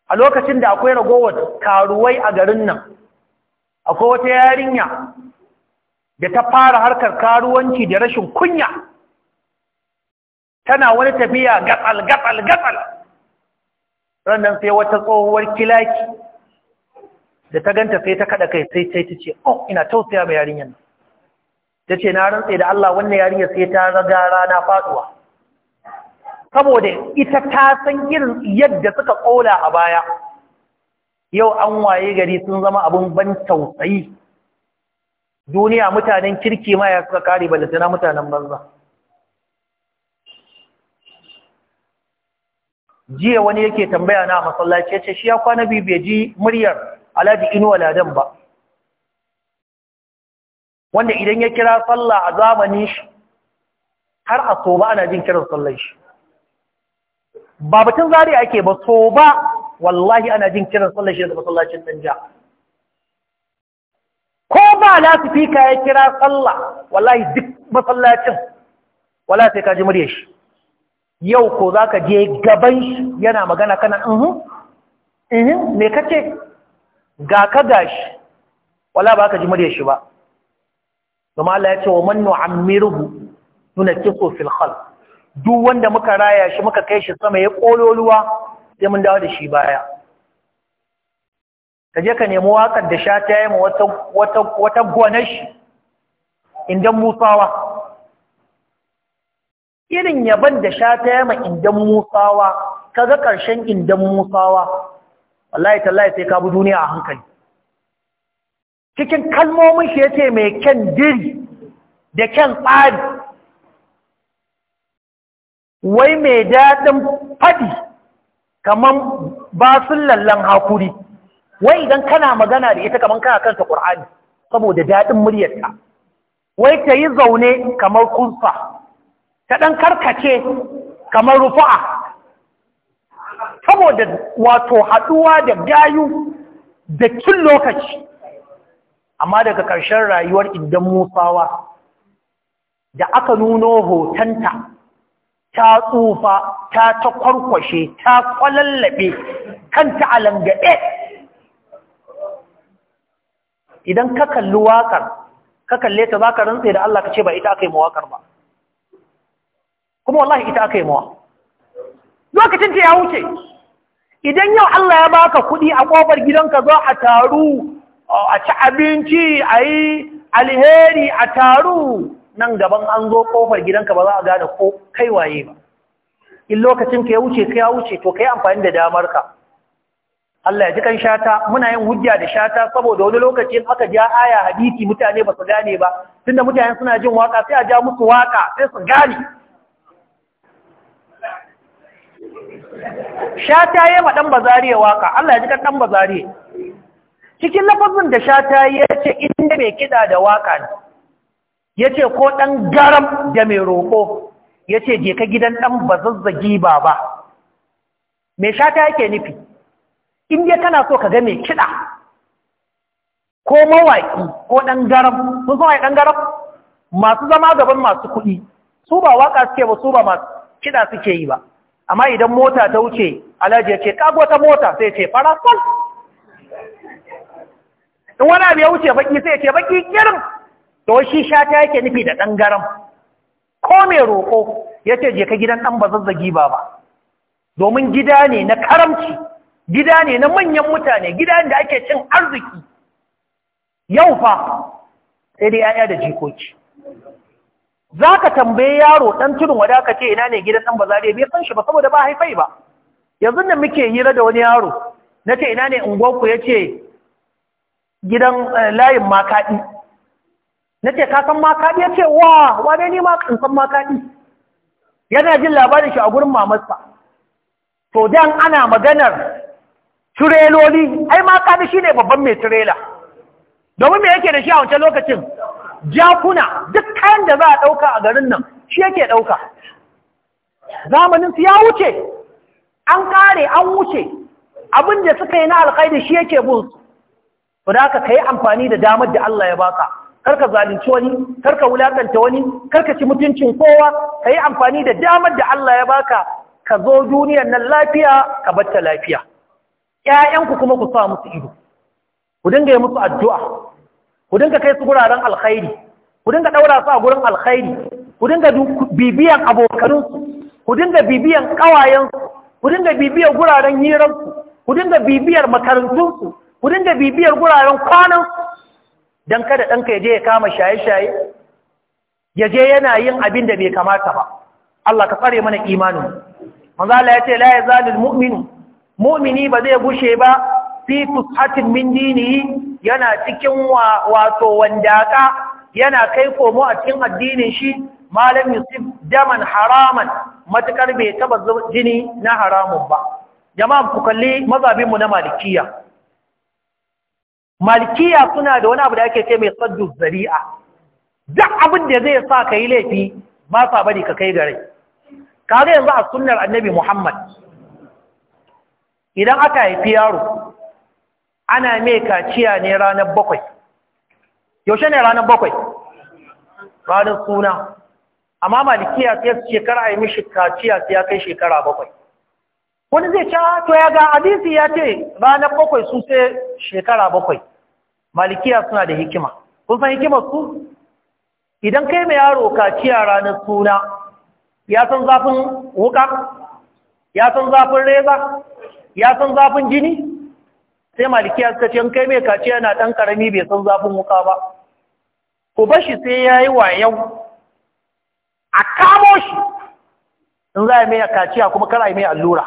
a lokacin da akwai ragowar karuwai a garin nan akwai wata yarinya da ta fara harkar karuwanci da rashin kunya tana wani tafiya gatsal gatsal gatsal rannan sai wata tsohuwar kilaki da ta ganta sai ta kaɗa kai sai ta ce oh ina tausaya mai yarinyar ta ce na rantse da Allah wannan yarinya sai ta raga rana faduwa saboda ita ta san irin yadda suka kola a baya yau an waye gari sun zama abin ban tausayi duniya mutanen kirki ma ya suka kare tana mutanen banza jiya wani yake tambaya na masallaci ya ce shi ya kwana biyu bai ji muryar alhaji inuwa ladan ba wanda idan ya kira sallah a zamanin shi har a soba ana jin kiran sallar shi ba batun zari ake ba soba wallahi ana jin kiran sallar shi daga masallacin danja ko ba lasifika ya kira sallah wallahi duk masallacin wala sai ka ji murya shi yau ko za ka je gaban shi yana magana kana uhun uhun me kace ga ka gashi wala ba ka ji murya shi ba kuma Allah ya ce wa man nu'ammiruhu nunakkisu fil khalq duk wanda muka raya shi muka kai shi sama ya kololuwa sai mun dawo da shi baya kaje ka nemi wakar da sha ta yi ma wata gonar shi indan musawa irin yaban da sha ta yi ma indan musawa kaga ƙarshen indan musawa wallahi tallahi sai ka bi duniya a hankali cikin kalmomin shi ce mai kyan diri da kyan tsari wai mai daɗin faɗi ba basun lallan hakuri wai idan kana magana da ita kamar kana kanta ƙur'ani saboda daɗin muryarta wai ta yi zaune kamar kunsa ta ɗan karkace kamar rufa'a saboda wato haɗuwa da gayu da cin lokaci amma daga ƙarshen rayuwar idan musawa da aka nuno hotonta ta tsufa ta ta kwarkwashe ta kwallallaɓe kanta a langaɗe idan ka kalli waƙar ka kalle ta za ka rantse da Allah ka ce ba ita aka yi mawaƙar ba kuma wallahi ita aka yi mawa lokacin ta ya wuce idan yau Allah ya baka kuɗi a ƙofar gidanka zo a taru Oh, a ci abinci a yi alheri a taru nan gaban an zo kofar gidanka ba za a gane ko kai waye ba in lokacin ka ya wuce ka ya wuce to ka yi amfani da damar ka Allah ya ji kan shata muna yin hujja da shata saboda wani lokacin aka ja aya hadisi mutane ba su gane ba tunda mutane suna jin waka sai a ja musu waka sai su gane shata yayi ma dan bazariya waka Allah ya ji kan dan bazariya cikin lafazin da shata ya ce inda mai kiɗa da waka ne ya ce ko ɗan garam da mai roƙo ya ce je ka gidan ɗan ba zazzagi ba ba mai shata yake nufi in dai kana so ka ga mai kiɗa ko mawaƙi ko ɗan garam sun zama ɗan garam masu zama gaban masu kuɗi su ba waka suke ba su ba masu kiɗa suke yi ba amma idan mota ta wuce alhaji ya ce kago ta mota sai ce farasol in wani abu ya wuce baki sai ya ce baki kirin to shi shata yake nufi da ɗan garam ko mai roƙo ya ce je ka gidan ɗan ba zazzagi ba ba domin gida ne na karamci gida ne na manyan mutane gida ne da ake cin arziki yau fa sai dai ‘ya'ya da jikoki za ka tambaye yaro ɗan tudun wada ka ce ina ne gidan ɗan ba zare bai san shi ba saboda ba haifai ba yanzu da muke hira da wani yaro na ce ina ne unguwarku ya ce gidan eh, layin makaɗi na ce ka san makaɗi ya ce wa wane ni ma san makaɗi yana jin labarin shi a gurin mamarsa to dan ana maganar tureloli ai makaɗi shine babban mai turela domin mai yake da shi a wancan lokacin jakuna duk kayan da za a ɗauka a garin nan shi yake ɗauka zamanin su ya wuce an kare an wuce abin da suka yi na alkhairi shi yake bunsu. to ka, yi kai amfani da damar da Allah ya baka karka zalunci wani karka wulakanta wani karka ci mutuncin kowa ka yi amfani da damar da Allah ya baka ka zo duniyar nan lafiya ka batta lafiya Ya'yanku kuma ku sa musu ido ku dinga yi musu addu'a ku dinga kai su guraren alkhairi ku dinga ɗaura su a gurin alkhairi ku dinga bibiyan abokaninsu, ku dinga bibiyan ƙawayensu ku dinga bibiyar guraren hiransu ku dinga bibiyar makarantunsu ku dinga bibiyar guraren kwanan don kada ɗanka ya je ya kama shaye-shaye ya je yana yin abin da bai kamata ba Allah ka tsare mana imanin manzo Allah ya ce la yazalul mu'minu mu'mini ba zai bushe ba fi fushatin min dinihi yana cikin wato wandaka yana kai komo a cikin addinin shi malam yusuf daman haraman matukar bai taba jini na haramun ba jama'a ku kalli mazabinmu na malikiya malikiya suna da wani abu da ake ce mai saddu zari'a duk abin da zai sa ka yi laifi ba sa bari ka kai gare ga yanzu a sunnar annabi muhammad idan aka haifi yaro ana mai kaciya ne ranar bakwai yaushe ne ranar bakwai ranar suna amma malikiya sai shekara a yi mishi kaciya sai ya kai shekara bakwai wani zai ca ah, to ya ga hadisi ya ce ranar bakwai su sai shekara bakwai malikiya suna da hikima kun san hikimar su idan kai mai yaro kaciya ranar suna ya san zafin wuka ya san zafin reza ya san zafin jini sai malikiya suka ce kai mai kaciya na ɗan karami bai san zafin wuka ba ku shi sai ya yi wayau a kamo shi in za a mai kaciya kuma kar a yi mai allura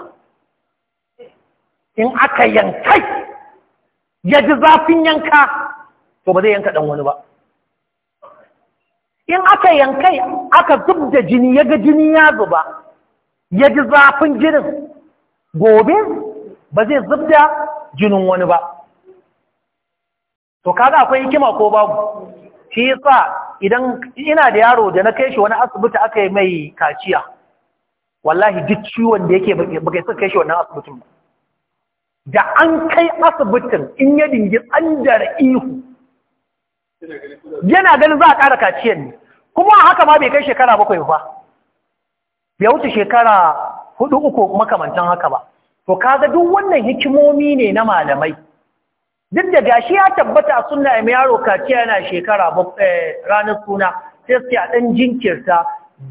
in aka yankai ya ji zafin yanka to ba zai yanka ɗan wani ba in aka yankai aka zub da jini ya ga jini ya zuba ya ji zafin jinin gobe ba zai zub da jinin wani ba to kaga akwai hikima ko babu shi yasa idan ina da yaro da na kai shi wani asibiti aka yi mai kaciya wallahi duk ciwon da yake baka kai shi wannan asibitin ba da an kai asibitin in ya dingi tsandar ihu yana ganin za a ƙara kaciyar ne kuma haka ma bai kai shekara bakwai ba bai wuce shekara hudu uku makamantan haka ba to kaga duk wannan hikimomi ne na malamai duk da gashi ya tabbata a suna mai yaro kaciya yana shekara eh, ranar suna sai suke a ɗan jinkirta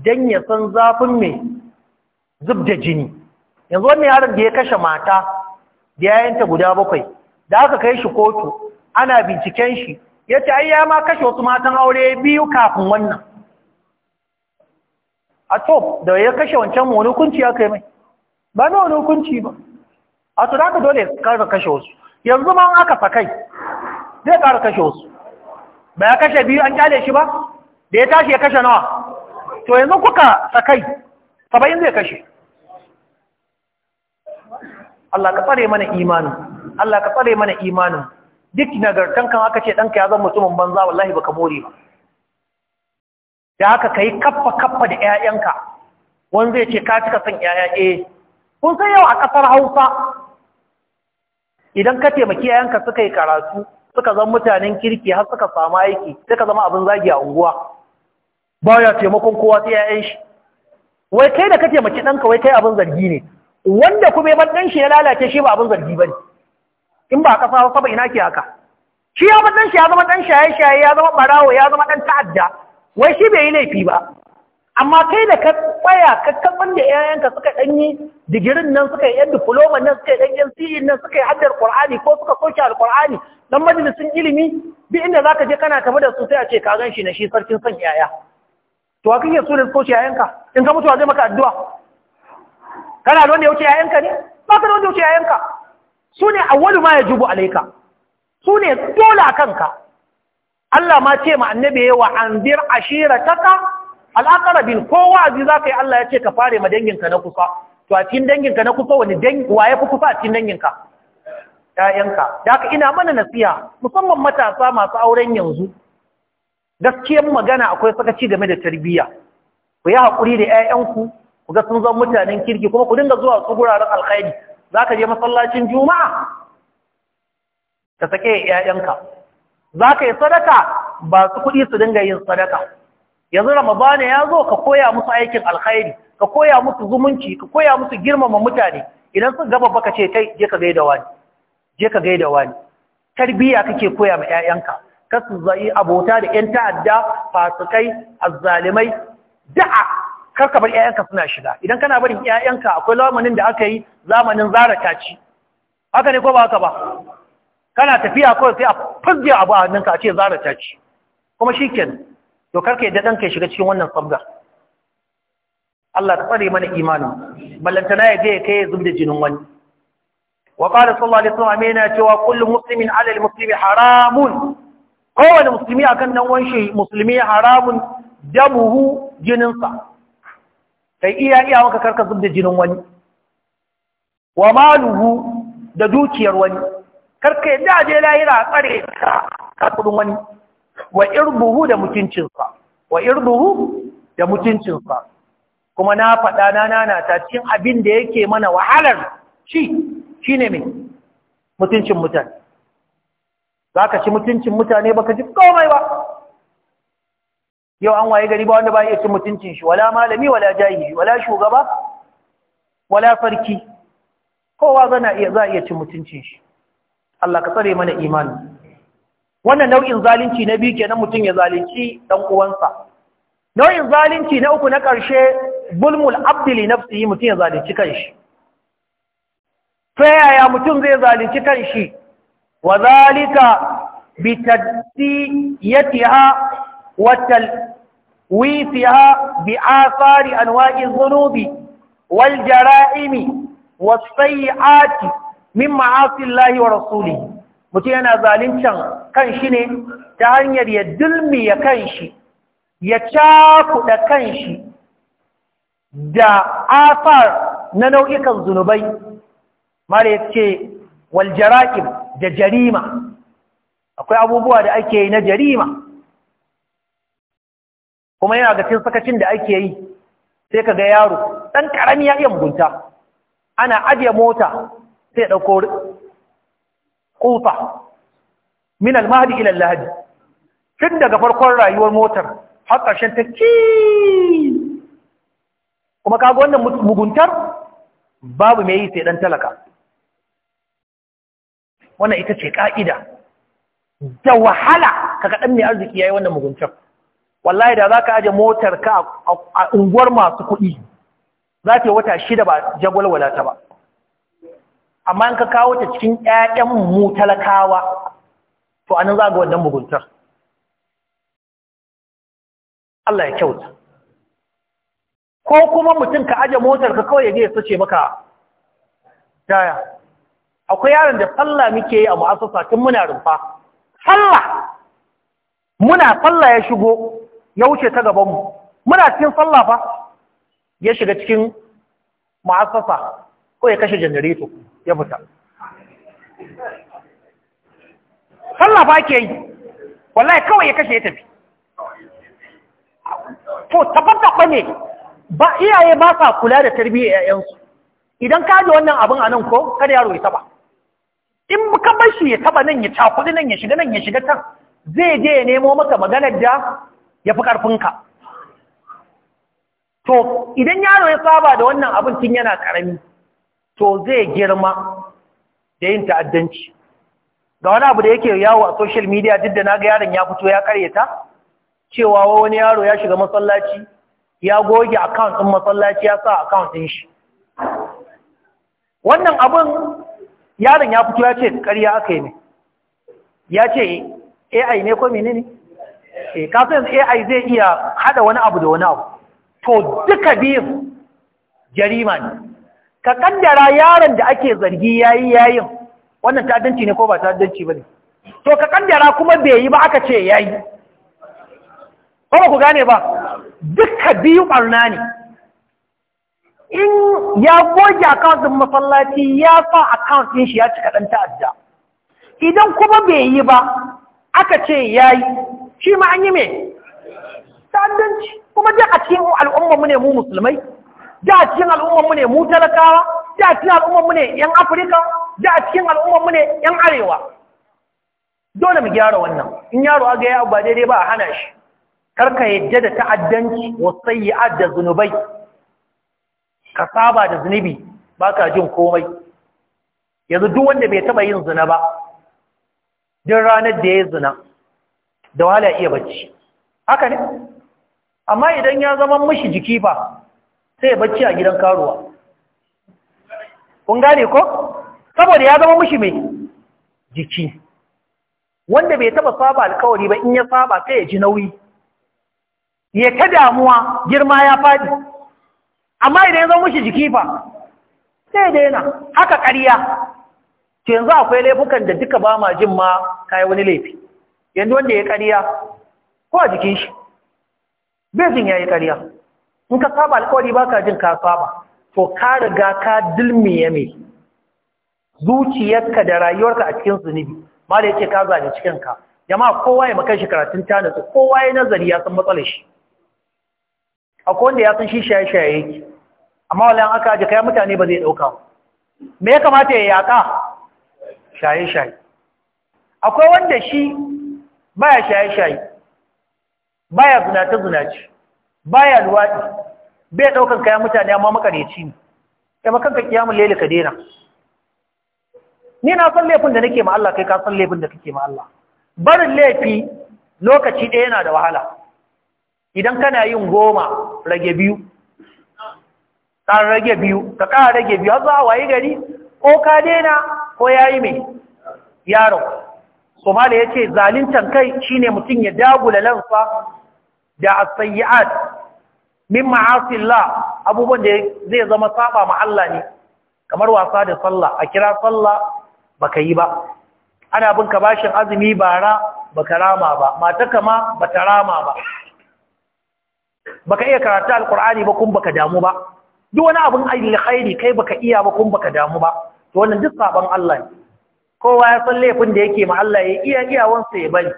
don ya san zafin mai zub da jini yanzu wannan yaron da ya kashe mata da ta guda bakwai da aka kai shi kotu ana binciken shi ya ce ai ya ma kashe wasu matan aure biyu kafin wannan a to da ya kashe wancan wani hukunci ya kai mai ba na wani hukunci ba a to da aka dole ya kashe wasu yanzu ma aka fakai zai ƙara kashe wasu ba ya kashe biyu an kyale shi ba da ya tashi ya kashe nawa to yanzu kuka sakai saba'in zai kashe Allah ka tsare mana imanin Allah ka tsare mana imanin duk nagartan kan aka ce ɗanka ya zama mutumin banza wallahi baka more ba da haka ka yi kaffa kaffa da 'ya'yanka wani zai ce ka cika son 'ya'ya eh kun san yau a ƙasar hausa idan ka taimaki 'ya'yanka suka yi karatu suka zama mutanen kirki har suka samu aiki suka zama abin zagi a unguwa ba ya taimakon kowa sai 'ya'yan shi wai kai da ka taimaki ɗanka wai kai abin zargi ne wanda kuma ya dan shi ya lalace shi ba abin zargi bane in ba kasa ba ba ina ke haka shi ya dan shi ya zama dan shaye shaye ya zama barawo ya zama dan ta'adda wai shi bai yi laifi ba amma kai da ka tsaya ka kaban da yayanka suka dan yi digirin nan suka yi yan diploma nan suka yi dan yan siyin e nan suka yi haddar qur'ani ko suka soke al alqur'ani dan majalisin ilimi duk inda zaka je kana tafi da su sai a ce ka gan shi na shi sarkin son yaya to a kike so da soke yayanka in ka mutu a zai maka addu'a kana da wanda ya wuce yayanka ne ba ka da wanda ya wuce yayanka su ne awwalu ma yajibu alayka su ne dole a kanka Allah ma ce ma annabi wa anzir ashirataka al-aqrabin ko wa'azi zaka yi Allah ya ce ka fare ma danginka na kusa to a cikin danginka na kusa wani dangi waye fi kusa a cikin danginka ƴaƴanka da haka ina mana nasiya musamman matasa masu auren yanzu gaskiyar magana akwai sakaci game da tarbiyya ku yi haƙuri da 'ya'yanku ku ga sun zan mutanen kirki kuma ku dinga zuwa su guraren alkhairi za ka je masallacin juma'a ka sake ‘ya'yanka za ka yi sadaka ba su kuɗi su dinga yin sadaka yanzu ramadana ya zo ka koya musu aikin alkhairi ka koya musu zumunci ka koya musu girmama mutane idan sun gaba baka ce kai je ka gaida wani je ka gaida wani tarbiya kake koya ma ‘ya'yanka kasu zai abota da ‘yan ta'adda fasikai azzalimai da'a karka bar 'ya'yanka suna shiga idan kana barin 'ya'yanka akwai lamunin da aka yi zamanin zara ta ci haka ne ko ba haka ba kana tafiya kawai sai a fuzge abu a hannunka a ce zara ta ci kuma shi ken to karka yadda ɗanka ya shiga cikin wannan tsabgar Allah ta tsare mana imanin ballantana ya je ya kai zub da jinin wani wa qala sallallahu alaihi wasallam amina cewa kullu muslimin ala almuslimi haramun kowane musulmi akan nan wanshi musulmi haramun damuhu jininsa kai iya iya maka karka zub da jinin wani wa maluhu da dukiyar wani karka yadda a je lahira a tsare ka karkudin wani wa irbuhu da mutuncinsa wa irbuhu da mutuncinsa kuma na faɗa na nana ta cikin abin da yake mana wahalar shi shine mai mutuncin mutane za ka ci mutuncin mutane ba ka ji komai ba yau an waye gari ba wanda ba ya cin mutuncin shi wala malami wala jahili wala shugaba wala farki kowa zana iya za iya cin mutuncin shi Allah ka tsare mana imani wannan nau'in zalunci na biyu kenan mutum ya zalunci dan uwansa nau'in zalunci na uku na ƙarshe bulmul abdili nafsihi mutum ya zalunci kanshi Sai yaya mutum zai zalunci kanshi wa zalika bi tadsiyatiha wa ويثها بآثار أنواع الذنوب والجرائم والسيئات من معاصي الله ورسوله mutum yana zalimcan kanshi ne ta hanyar ya dulmiya kanshi ya cakuɗa kanshi da afar na nau'ikan zunubai mara ya ce waljara'im da jarima akwai abubuwa da ake yi na jarima kuma yana ga cin sakacin da ake yi sai ka ga yaro ɗan ƙarami ya iya mugunta ana ajiye mota sai ɗauko ƙufa min almahadi ila lahadi tun daga farkon rayuwar motar har ƙarshen ta ki kuma kaga wannan muguntar babu mai yi sai ɗan talaka wannan ita ce ƙa'ida da wahala kaga ɗan mai arziki ya yi wannan muguntar wallahi da za ka aje motar ka a unguwar masu kuɗi za ta yi wata shida ba jagwal ba amma in ka kawo ta cikin ƴaƴan mu talakawa to anan za ga wannan muguntar Allah ya kyauta ko kuma mutum ka aje motar ka kawai ya sace maka taya akwai yaron da falla muke yi a mu'assasa tun muna rumfa sallah muna falla ya shigo ya wuce ta gabanmu muna cikin sallah fa ya shiga cikin ma'asasa ko ya kashe janareto ya fita sallah fa ke yi wallahi kawai ya kashe ya tafi to tabbata ne ba iyaye ba sa kula da tarbiyyar ƴaƴansu idan ka ji wannan abin a nan ko kada yaro ya taba in ka bar shi ya taba nan ya cakudu nan ya shiga nan ya shiga can zai je ya nemo maka maganar da ya fi ƙarfinka to idan yaro ya saba da wannan abin tun yana ƙarami to zai girma da yin ta'addanci ga wani abu da yake yawo a social media duk da na ga yaron ya fito ya karyata cewa wani yaro ya shiga masallaci ya goge account ɗin masallaci ya sa account ɗin shi wannan abin yaron ya fito ya ce ƙarya aka yi ne ya ce ai ne ko menene eh kasan AI zai iya hada wani abu da wani abu to duka biyu jarima ne ka kaddara yaron da ake zargi yayi yayin wannan ta'addanci ne ko ba ta'addanci bane to ka kaddara kuma bai yi ba aka ce yayi ko ba ku gane ba duka biyu barna ne in ya goge account din masallaci ya sa account din shi ya cika dan ta'adda idan kuma bai yi ba aka ce yayi shi ma an yi me ta'addanci kuma da a cikin al'ummar mu ne mu musulmai da a cikin al'ummar mu ne mu talakawa da a cikin al'ummar mu ne yan afirka da a cikin al'ummar mu ne yan arewa dole mu gyara wannan in yaro aga ya ba daidai ba a hana shi karka yadda da ta'addanci wa wasayyi'at da zunubai ka saba da zunubi baka jin komai yanzu duk wanda bai taba yin zina ba duk ranar da ya yi zina da wahala iya bacci haka ne amma idan ya zama mashi jiki ba, sai ya bacci a gidan karuwa kun gane ko saboda ya zama mashi mai jiki wanda bai taba saba alkawari ba in ya saba sai ya ji nauyi ya ta damuwa girma ya faɗi amma idan ya zama mashi jiki ba, sai daina haka ƙarya yanzu akwai laifukan da duka ba ma jin ma kayi wani laifi yanzu wanda ya kariya ko a jikin shi bezin ya yi kariya in ka saba alkawari ba ka jin ka saba to ka riga ka dilmiye mai zuciyarka da rayuwarka a cikin zunubi ma da yake ka zane cikinka jama'a kowa ya makan shi karatun tanatsu kowa ya nazari ya san matsalar shi akwai wanda ya san shi shaye-shaye yake amma wala aka ji kai mutane ba zai ɗauka ba me ya kamata ya yaƙa shaye-shaye akwai wanda shi baya shaye-shaye baya zunace-zunace baya luwaɗi bai ɗaukan kayan mutane amma makareci ne ya makanka kiyamun lele ka dena ni na san laifin da nake ma Allah kai ka san laifin da kake ma Allah barin laifi lokaci ɗaya yana da wahala idan kana yin goma rage biyu rage biyu ka ƙara rage biyu har zuwa wayi gari ko ka dena ko ya yi mai yaron so ya ce zalintan kai shine mutum ya dagula lansa da as-sayyi'at min ma'asillah abubuwan da zai zama saba ma Allah ne kamar wasa da sallah a kira sallah ka yi ba ana bin ka bashin azumi bara ka rama ba mata kama ta rama ba ka iya karatu alkur'ani ba kun ka damu ba duk wani abin alkhairi kai baka iya ba kun ka damu ba to wannan duk saban Allah ne kowa ya san laifin da yake ma Allah ya iya iyawansa ya bari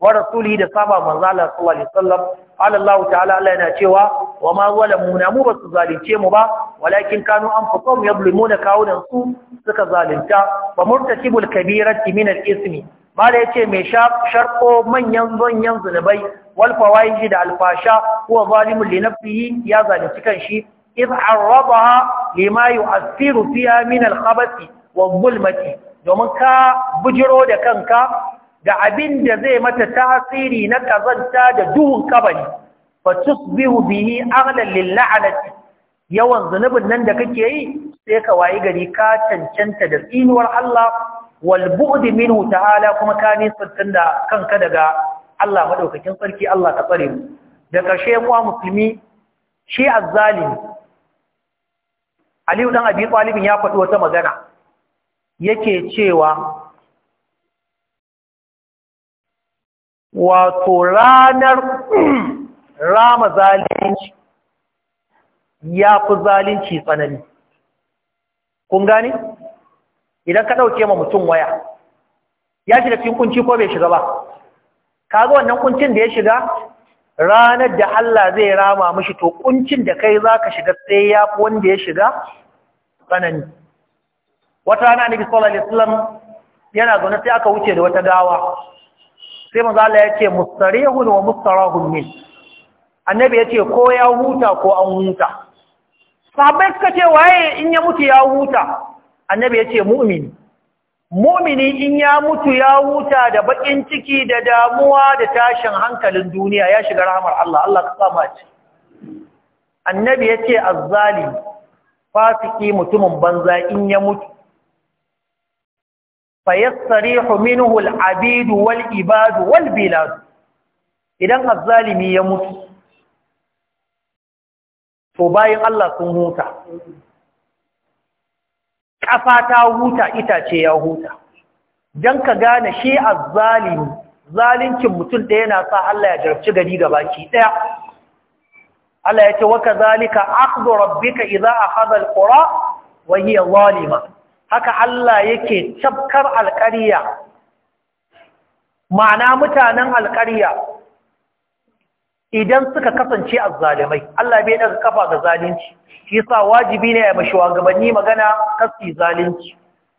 wa rasuli da saba manzo Allah sallallahu alaihi wasallam Allah ta'ala Allah yana cewa wa ma zalamuna mu basu zalunce mu ba walakin kanu anfusuhum yadhlimuna kawunan su suka zalunta fa murtakibul kabirati min al-ismi mala yace mai sharko manyan zanyan zunubai wal fawaihi da alfasha huwa zalimun li nafsihi ya zalunci kanshi idh arrabaha lima yu'athiru fiha min al-khabathi wa dhulmati domin ka bujiro da kanka da abin da zai mata tasiri na kazanta da duhun kabari fa tusbihu bihi aghlan lil la'nati yawan zunubin nan da kake yi sai ka wayi gari ka cancanta da tsinuwar Allah wal bu'd minhu ta'ala kuma ka nisantar da kanka daga Allah madaukakin sarki Allah ka tsare mu da ƙarshe kuwa musulmi shi azzalimi Aliyu dan Abi Talib ya faɗi wata magana yake cewa wato ranar rama zalunci ya fi zalunci tsanani kun gane idan ka ɗauke ma mutum waya ya shiga cikin kunci ko bai shiga ba Ka zo wannan kuncin da ya shiga ranar da Allah zai rama mashi to kuncin da kai za ka shiga sai ya fi wanda ya shiga tsanani wata rana annabi sallallahu alaihi wasallam yana zaune sai aka wuce da wata gawa sai manzo Allah ya ce mustarihun wa mustarahun min annabi ya ce ko ya huta ko an huta sahabbai suka ce waye in ya mutu ya huta annabi ya ce mu'mini mu'mini in ya mutu ya huta da bakin ciki da damuwa da tashin hankalin duniya ya shiga rahmar Allah Allah ka sa mu ci annabi ya ce azzali fasiki mutumin banza in ya mutu fayassarihu minhu al-abidu wal ibadu wal bilad idan azzalimi ya mutu to bayan Allah sun huta kafa ta huta itace ya huta dan ka gane shi azzalimi zalincin mutum ɗaya na sa Allah ya jarabci gari gabaki ɗaya Allah ya ce wa kadhalika akhdhu rabbika idha akhadha al-qura wa hiya zalima haka Allah yake cafkar alƙariya ma'ana mutanen alƙariya idan suka kasance a zalimai Allah bai daga kafa ga zalunci shi yasa wajibi ne ya ba shugabanni magana kaski zalunci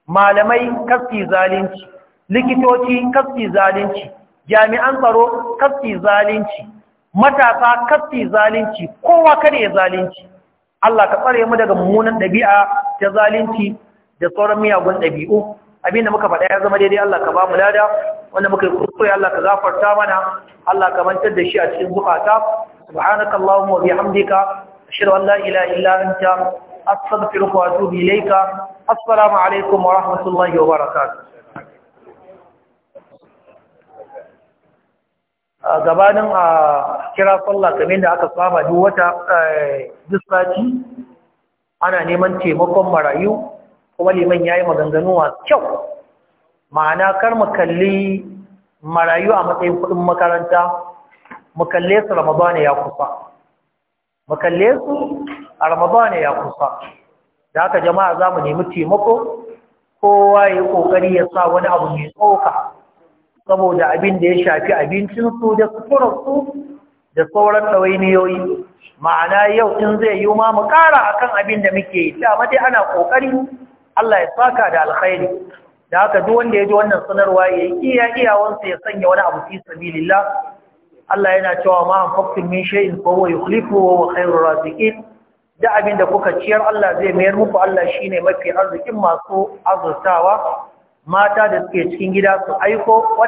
malamai kaski zalunci likitoci kaski zalunci jami'an tsaro kaski zalunci matasa kaski zalunci kowa kare zalunci Allah ka tsare mu daga mummunan ɗabi'a ta zalunci da sauran miyagun ɗabi'u abin da muka faɗa ya zama daidai Allah ka ba mu lada wanda muka yi kuskure Allah ka zafarta mana Allah ka mantar da shi a cikin zukata subhanaka allahumma wa bihamdika ashhadu an la ilaha illa anta astaghfiruka wa atubu ilayka assalamu alaikum wa rahmatullahi wa barakatuh gabanin a kira sallah kamar da aka saba duk wata eh, duk ana neman taimakon marayu kuma liman ya yi maganganu masu kyau ma'ana kar mu kalli marayu a matsayin kuɗin makaranta mu kalle su ramadana ya kusa mu kalle su a ya kusa da haka jama'a za mu nemi taimako kowa ya yi ƙoƙari ya sa wani abu mai tsoka saboda abin da ya shafi abincinsu da suturarsu da sauran ɗawainiyoyi ma'ana yau in zai yi ma mu kara akan abin da muke yi dama dai ana ƙoƙari Allah ya saka da alkhairi da haka duk wanda ya ji wannan sanarwa ya yi iya iyawansa ya sanya wani abu fi sabilillah Allah yana cewa ma anfaqtum min shay'in fa huwa yukhlifu wa huwa khairur raziqin da abin da kuka ciyar Allah zai mayar muku Allah shine mafi arzikin masu azurtawa mata da suke cikin gida su aiko